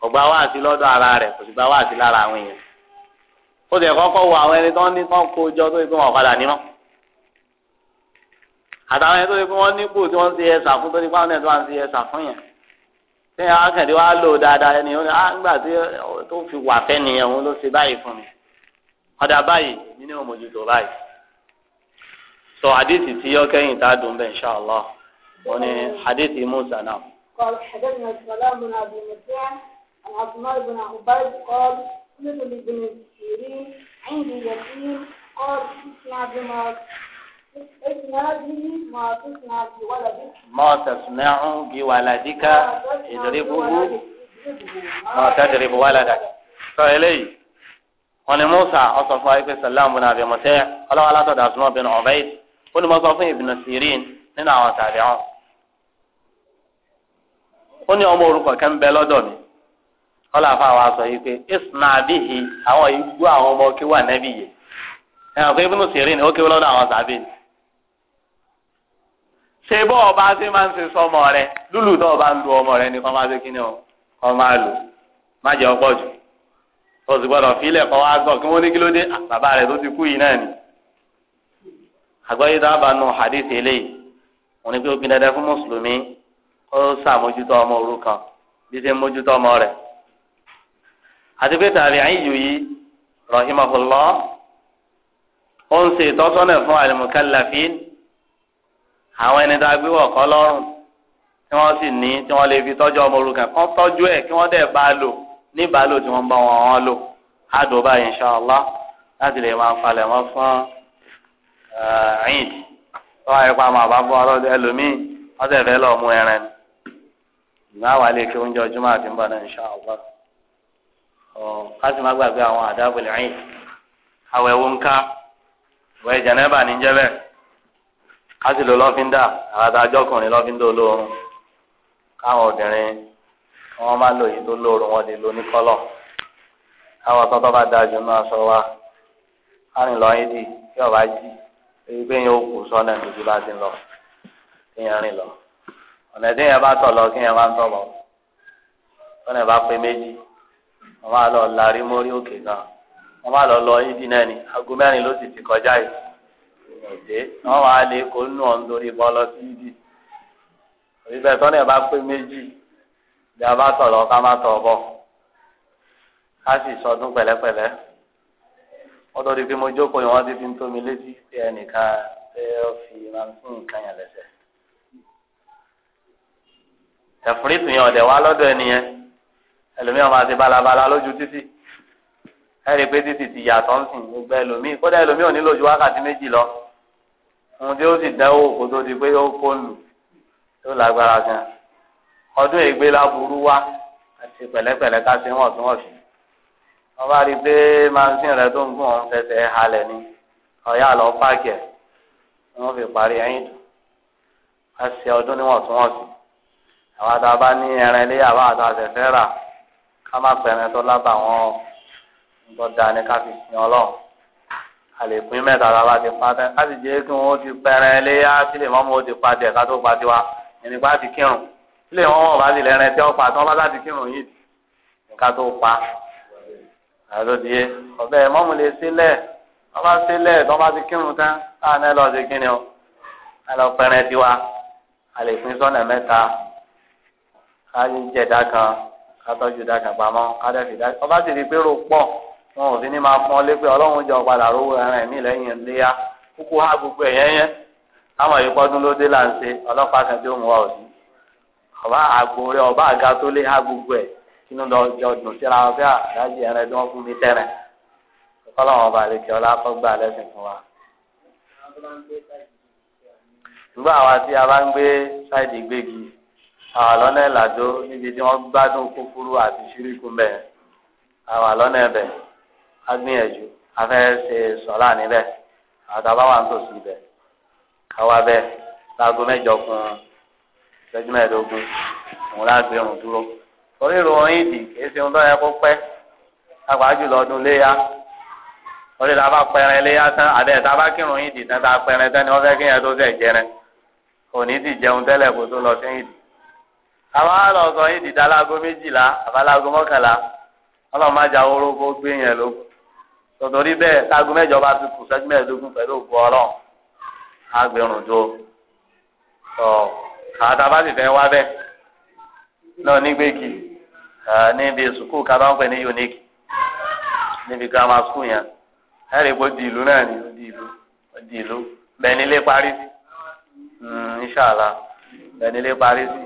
kò gbá wáàsí lọ́dọ̀ ara rẹ̀ kò sì gbá wáàsí lára àwọn èèyàn ó sì kọ́kọ́ wọ àwọn ẹni tó ń ní kán kó jọ tó yẹ pé wọ́n padà ní mọ́ àtàwọn ẹni tó yẹ pé wọ́n nípò tí wọ́n ń ṣe ẹ̀sà fún tó ní pàwọn ẹni tó wà ń ṣe ẹ̀sà fún yẹn tí yẹn akẹ́dẹ́ wa lò dáadáa ẹni ó ní á ah, nígbà tí tó fi wà fẹ́ nìyẹn òun ló ṣe báyìí fún mi ọ̀dà báyìí nínú òmòjútó báyìí sọ àdìsí tí yọ kẹ́yìn tá a dùn bẹ́ẹ̀ insha Allah wọn ni àdìsí Musa náà. قال حدثنا سلام بن عبد المسيح عن عبد الله بن عبيد قال مثل ابن السيرين، عند يتيم قال تصنع بما ما تصنع بولدك اضربه ما تضرب ولدك فإليه wọn ni musa ọsọ fún ayikpe salam bin abi mutẹ ọlọwọ alátọdọ asumọ bin ọbẹyid ó ní mo sọ fún ibùnà sirin nínú àwọn tàbí ọhún ó ní ọmọ orúkọ kẹ ń bẹ lọ́dọ̀ mi wọn là fà wá sọ yìí pé isna abihi àwọn igbó àwọn ọmọ kí wà nẹ́bí yìí ẹ̀hàn pé ibùdó sì rí ni ó kéwọ́ lọ́dọ̀ àwọn sàbẹ̀ ni. ṣé bọ́ ọba ṣe máa ń ṣe sọmọ rẹ lúlù tó ọba ń lu ọmọ rẹ ni kọ́ máa ṣe kíni o kọ́ máa lò má jẹ́ ọ̀pọ̀ jù o sì gbọ́dọ̀ fílẹ̀ kọ́ wá gbọ́ kí wọ́n ní kí ló dé ah, bàbá rẹ̀ tó ti kú yìí náà ni. àgbáyé dábàá nu hadith eléyìí wọn ni pé ó gbin dandan fún mùsùlùmí kó sàmójútó ọmọ òrukàn bí ṣe mójútó ọmọ rẹ̀ àti pé tàbí àyíyù yìí rahimahullah ó ń ṣe ìtọ́sọ́nà fún al-mukallafin àwọn ẹni tá a gbé wọ̀kọ́ lọ́rùn tí wọ́n sì ní tí wọ́n lè fi tọ́jú ọmọ òrukàn kan tọ́jú ẹ̀ kí wọ́n dẹ̀ bá a lò ní ìbálò tí wọ́n bá wọn wọn lò á dùn báyìí inṣàlá láti lè máa falẹ̀ wọn fún ẹ̀ẹ́d eh, tó wáyé pa àwọn àbá fún ọlọ́dún ẹlòmíì wọ́n fẹ́ lọ́ọ́ mú ẹran ìgbà wà lè kí oúnjẹ ọjọ́ máa ti ń bọ̀ náà inṣàlá kásì má gbàgbé àwọn àdábòlì ẹ̀yìn àwọ̀ ẹ̀wọ̀n ká wẹ̀ jẹ̀nẹ́bà ní jẹ́bẹ̀ kásì ló lọ́fíńdà àtàjọ́ ọkùnrin lọ́fíńdà olóorun káwọn obìnrin wọn máa lò yìí tó lóorun wọn lè lò ní kọ́lọ̀ káwọn tọ́tọ́ bá da jù náà sọ wa kárìn lọ yín dì kí ọba jì èyí pé yín ó kù sọ́nà bá ti lọ kí yẹn rìn lọ ọ̀nà tí yẹn bá tọ̀ lọ kí yẹn máa ń tọ̀ bọ̀ ọ̀nà ìbá pé méjì. wọ́n máa lọ lari mórí òkè náà wọ́n máa lọ lọ ibi náà ni aago mẹ́rin ló ti kọjá yìí òde wọ́n máa lè kó nù ọ́n torí bọ́ sí ibi bá pé méjì bí a bá tọ̀ ká má tọ̀ bọ̀ ká sì létí ẹlòmíràn máa ti balabala lójú títì ẹ̀rí pé títì ti yàtọ̀ ń sìn gbogbo ẹlòmíì kódà ẹlòmíràn nílò ju wákàtí méjì lọ ohun tí ó sì dánwò kó tó di pé ó kó lù tó lágbára gan ọdún ìgbé láburú wá àti pẹ̀lẹ́pẹ̀lẹ́ ká sí wọ̀n tí wọ́n fi wọ́n bá rí i pé mansin rẹ tó ń gùn ọ̀hún fẹsẹ̀ halẹ̀ ni ọ̀yà lọ páàkì ẹ̀ wọ́n fi parí ẹ̀yìn tó a ṣe ọdún níwọ̀ntúnwọ̀nsì àwọn àtàwọn bá ní ẹran ilé àwọn àtàwọn àtẹ̀fẹ́ rà ká má pẹ̀rẹ̀ tó lábà wọn nǹkan dáa ní ká fi sin ọlọ́run àlèkùn mẹ́ta tá a bá ti pa tẹ́ ká sì jẹ́ kí wọ́n ti pẹ̀rẹ̀ lé ásílẹ̀ mọ́mú ó ti pa tẹ̀ ká tó pa tiwa ẹni bá ti kírun sílẹ̀ wọn wọn bá ti lẹ́rìn tí wọ́n pa tí wọ́n bá bá ti kírun yìí ká tó pa àlódìé ọ̀bẹ mọ́mú lè sílẹ̀ wọ́n bá sílẹ̀ tí wọ́n bá ti kírun tán láàánú lọ sí kíni o ẹ lọ pẹ̀rẹ̀ tiwa àlèkùn sọ́nà mẹ́ta ká jẹ̀dá kan kátọ́jú dákan pamọ́ kádẹ́fì dákan ọba sì rí i pé rò pọ̀ wọn ò sí ní máa fún ọ lépè ọlọ́run jọ padà rówó ẹran ẹ̀mí lẹ́yìn léyà kúkú há gbogbo ẹ̀yẹ́ yẹn táwọn yìí pọ́dún ló dé láǹṣe ọlọ́pàá kan tí ó mú wa òsì ọba àgbo rẹ ọba àga tó lé há gbogbo ẹ̀ sínú lọ́jọ́ dùn síra wọn fẹ́ àdájì ẹran ẹ̀dùn wọn fún mi tẹ́rẹ̀ kọ́lọ́wọ́n ọba àlekè ọlá kọ́gbà lẹ́sìn fún wa. nígbà wa tí a bá ń gbé sáìdì gbégi àlọ́nà ìlàjọ níbi tí wọ́n gbádùn kúkúrú àti ṣíríkù bẹ́ẹ̀ àwọn àlọ́nà ẹ̀bẹ̀ agbìyànjú afẹ́ ṣe sọ́lá níbẹ̀ àtàwọn àwọn àǹtòsí ibẹ̀ káwá bẹ́ẹ̀ láago mẹ́jọ kún ìṣẹ́jú mẹ́ẹ̀ẹ́dógún òun láàgbé òun dúró torí ìròyìn ìdì kìí ṣe ohun tó yẹ kó pẹ́ àgbà jùlọ ọdún léyà torí ta bá pẹrẹ léyà tán àbẹ ta bá kírun ìdì tán ta pẹrẹ tán ni wọ́n fẹ́ kí àwọn àlọ́sọ yìí dìda láago méjìlá àbáláago mọ́kànlá ọlọ́run ajá orógbó gbé yẹn ló tòtòrí bẹ́ẹ̀ táago mẹ́jọ bá ti kù sẹ́jú mẹ́ẹ̀ẹ́dógún pẹ̀lú òkú ọlọ́run agbẹ̀rún tó tọ̀ àtàbá sì fẹ́ wá bẹ́ẹ̀ náà nígbèkì níbi sùkúù kábà ń pè ní unique níbi grammar school yẹn ẹ̀rì kó di ìlú náà ni ó di ìlú ó di ìlú bẹ́ẹ̀ nílé hmm, parí sí inṣàlá bẹ́ẹ̀ nílé parí sí.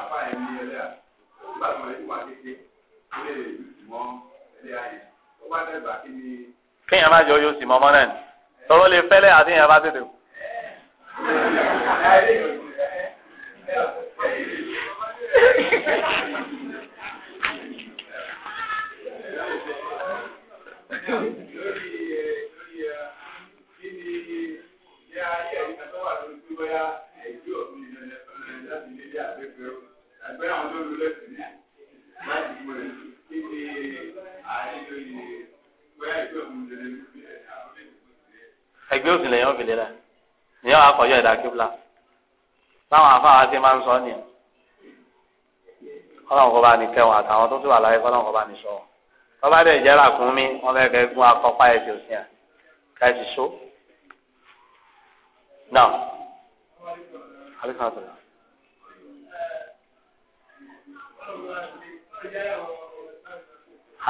àfa ẹ̀ ní ẹlẹ́à nígbà tí wọ́n ti wà kéke ilé ìmọ̀ ẹlẹ́à kí ni. kéèyàn má jọ yóò sì mọ ọmọ náà ni lè fẹ́lẹ́ àti èèyàn tètè. Yeah àgbẹ̀fẹ̀rọ ẹgbẹ́ òsì lèyàn fi lélẹ̀ ní àwọn akọ̀yọ́ ẹ̀dá kíbla báwọn afáwọn ti máa ń sọ nìyẹn kọ́lọ́n kọ́ bá ní kẹwọn àtàwọn tó ti wà láyé kọ́lọ́n kọ́ bá ní sọ tọ́ba dẹ̀ jẹ́ra kún mi wọ́n fẹ́ kẹ́ gún akọ́pá ẹ̀ tí ò sí ká ẹ̀ so. Now,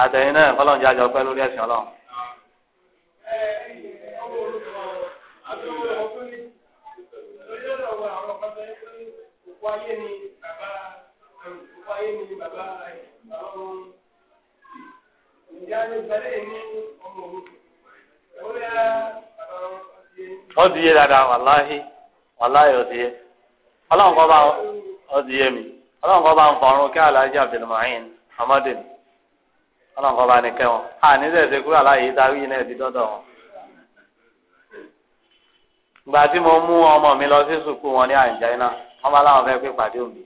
àtẹ̀yìn náà fọlọ́n jẹ́ àjọ pẹ́ lórí ẹ̀sìn ọlọ́run. ó di yé dáadáa wàláhì wàláhì ó di yé ọlọ́run kọ́ ọlọ́run kọ́ bá ń fọrún kí aláàjì abdulmahin hamadu ọlọ́run kọ́ bá ní kẹ́ a ní sẹ̀sẹ̀ kúrò náà ti dọ́dọ̀ wọn. ìgbà tí mo mú ọmọ mi lọ sí sùkú wọn ní àǹjáínà wọn bá láwọn fẹ́ pé pàdé òbí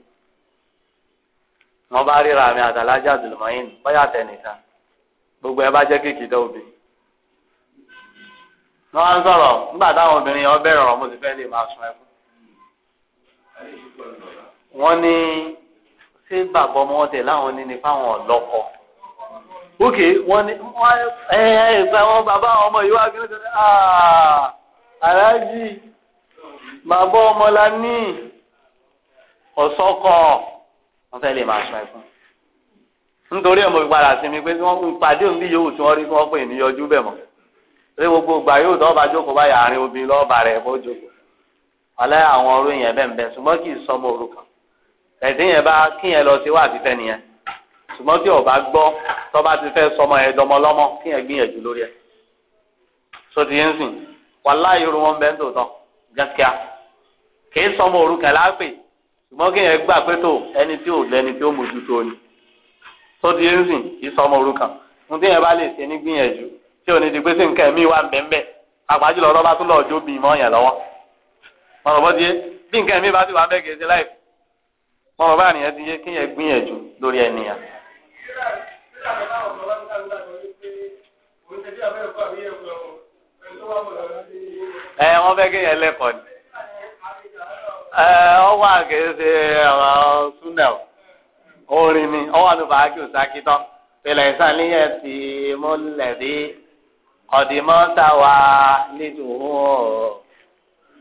wọn bá ríra mi àtàlájà abdulmahin bóyá tẹnìkan gbogbo ẹ bá jẹ́ òbí nígbà táwọn obìnrin mo ti fẹ́ lè máa sun ṣé bàbá ọmọ wọn tẹ̀ láwọn ní ni fáwọn ọ̀lọ́kọ. ok wọn ni wọn ẹ ẹ gba wọn bàbá ọmọ yìí wá kí ló ṣe aláàjì bàbá ọmọ la ní ọ̀sọ́kọ̀ wọn fẹ́ lè máa sọ ẹ̀fún nítorí ẹ̀ mo fi padà sí mi pé tí wọ́n ń pàdé òun bí yòówù tí wọ́n rí kí wọ́n pè ní yọjú bẹ̀ mọ́ pé gbogbo ìgbà yóò tọ́ ọba jókòó báyà àárín obìnrin lọ́ọ̀bà rẹ̀ bó jókòó ọ̀lẹ́ àwọn ọ̀rọ̀ yẹn bẹ́ẹ̀ bẹ́ẹ̀ ṣùgbọ́n kì í sọmọ orúkọ ẹ̀sìn yẹn bá kí yẹn lọ sí wá àti fẹ́ni yẹn ṣùgbọ́n tí ọba gbọ́ tọ́ba ti fẹ́ sọmọ ẹ̀ dọmọlọ́mọ kí yẹn gbìyànjú lórí ẹ̀ so ti yẹn sìn wàláhì irun wọn bẹ́ẹ̀ tó tán gàkíá kì í sọmọ òrukàn láàpè ṣùgbọ́n kí yẹn gbà pé tó ẹni tí ò lẹ́ni tí ó mójútó ni so ti yẹn sìn kì í sọmọ òrukàn fún tí yẹn bá lè ṣe ní gbìyànjú tí ò ní di pé sí nǹkan ẹ̀mí wà bẹ́ẹ̀ kì í wọn bá nìyẹn ti yé kéèyàn gbìyànjú lórí ẹnìyàn. ẹ wọn fẹ́ kéèyàn lẹ́kọ̀ọ́ ni ẹ ọ wà kéde ọ̀rọ̀ súnà orin ni ọ wà ló bá kí òsákí tán pẹ̀lẹ́ ìsàlẹyẹ ti mọlẹbi ọdìmọta wa nídùú.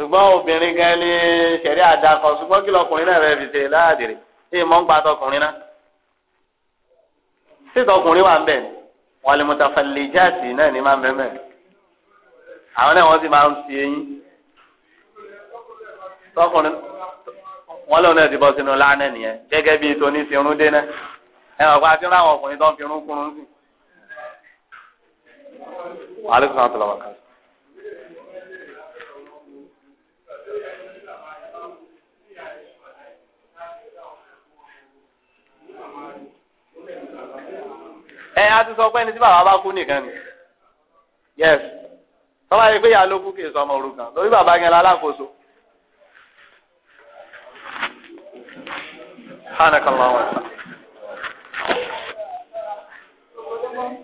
ṣùgbọ́n obìnrin gan ni ṣẹ̀rí àdàkọ ṣùgbọ́n kí lọkùnrin náà rẹ̀ fi ṣe láàdìrí ṣé ìmọ̀ ń pa tọkùnrin náà títọkùnrin wà ń bẹ̀ wọ́n lè mutafallijaati náà ní máa ń bẹ̀mẹ̀ àwọn náà wọ́n sì máa ń fi eyín tọkùnrin wọ́n lòun náà ti bọ́ sínú lánà nìyẹn gẹ́gẹ́ bíi tóní fi irun dé ẹ wọ́n pa sínú ọkùnrin tó ń fi irun kúrun sí. wàhálà ẹ a ti sọ pé ẹni tí bàbá bá kú nìkan ni yes tọ́ba yìí pé ìyá ló kú kì í sọ ọmọ òrukàn lórí bàbá yẹn lálákòóso. سبحانك اللهم وبحمدك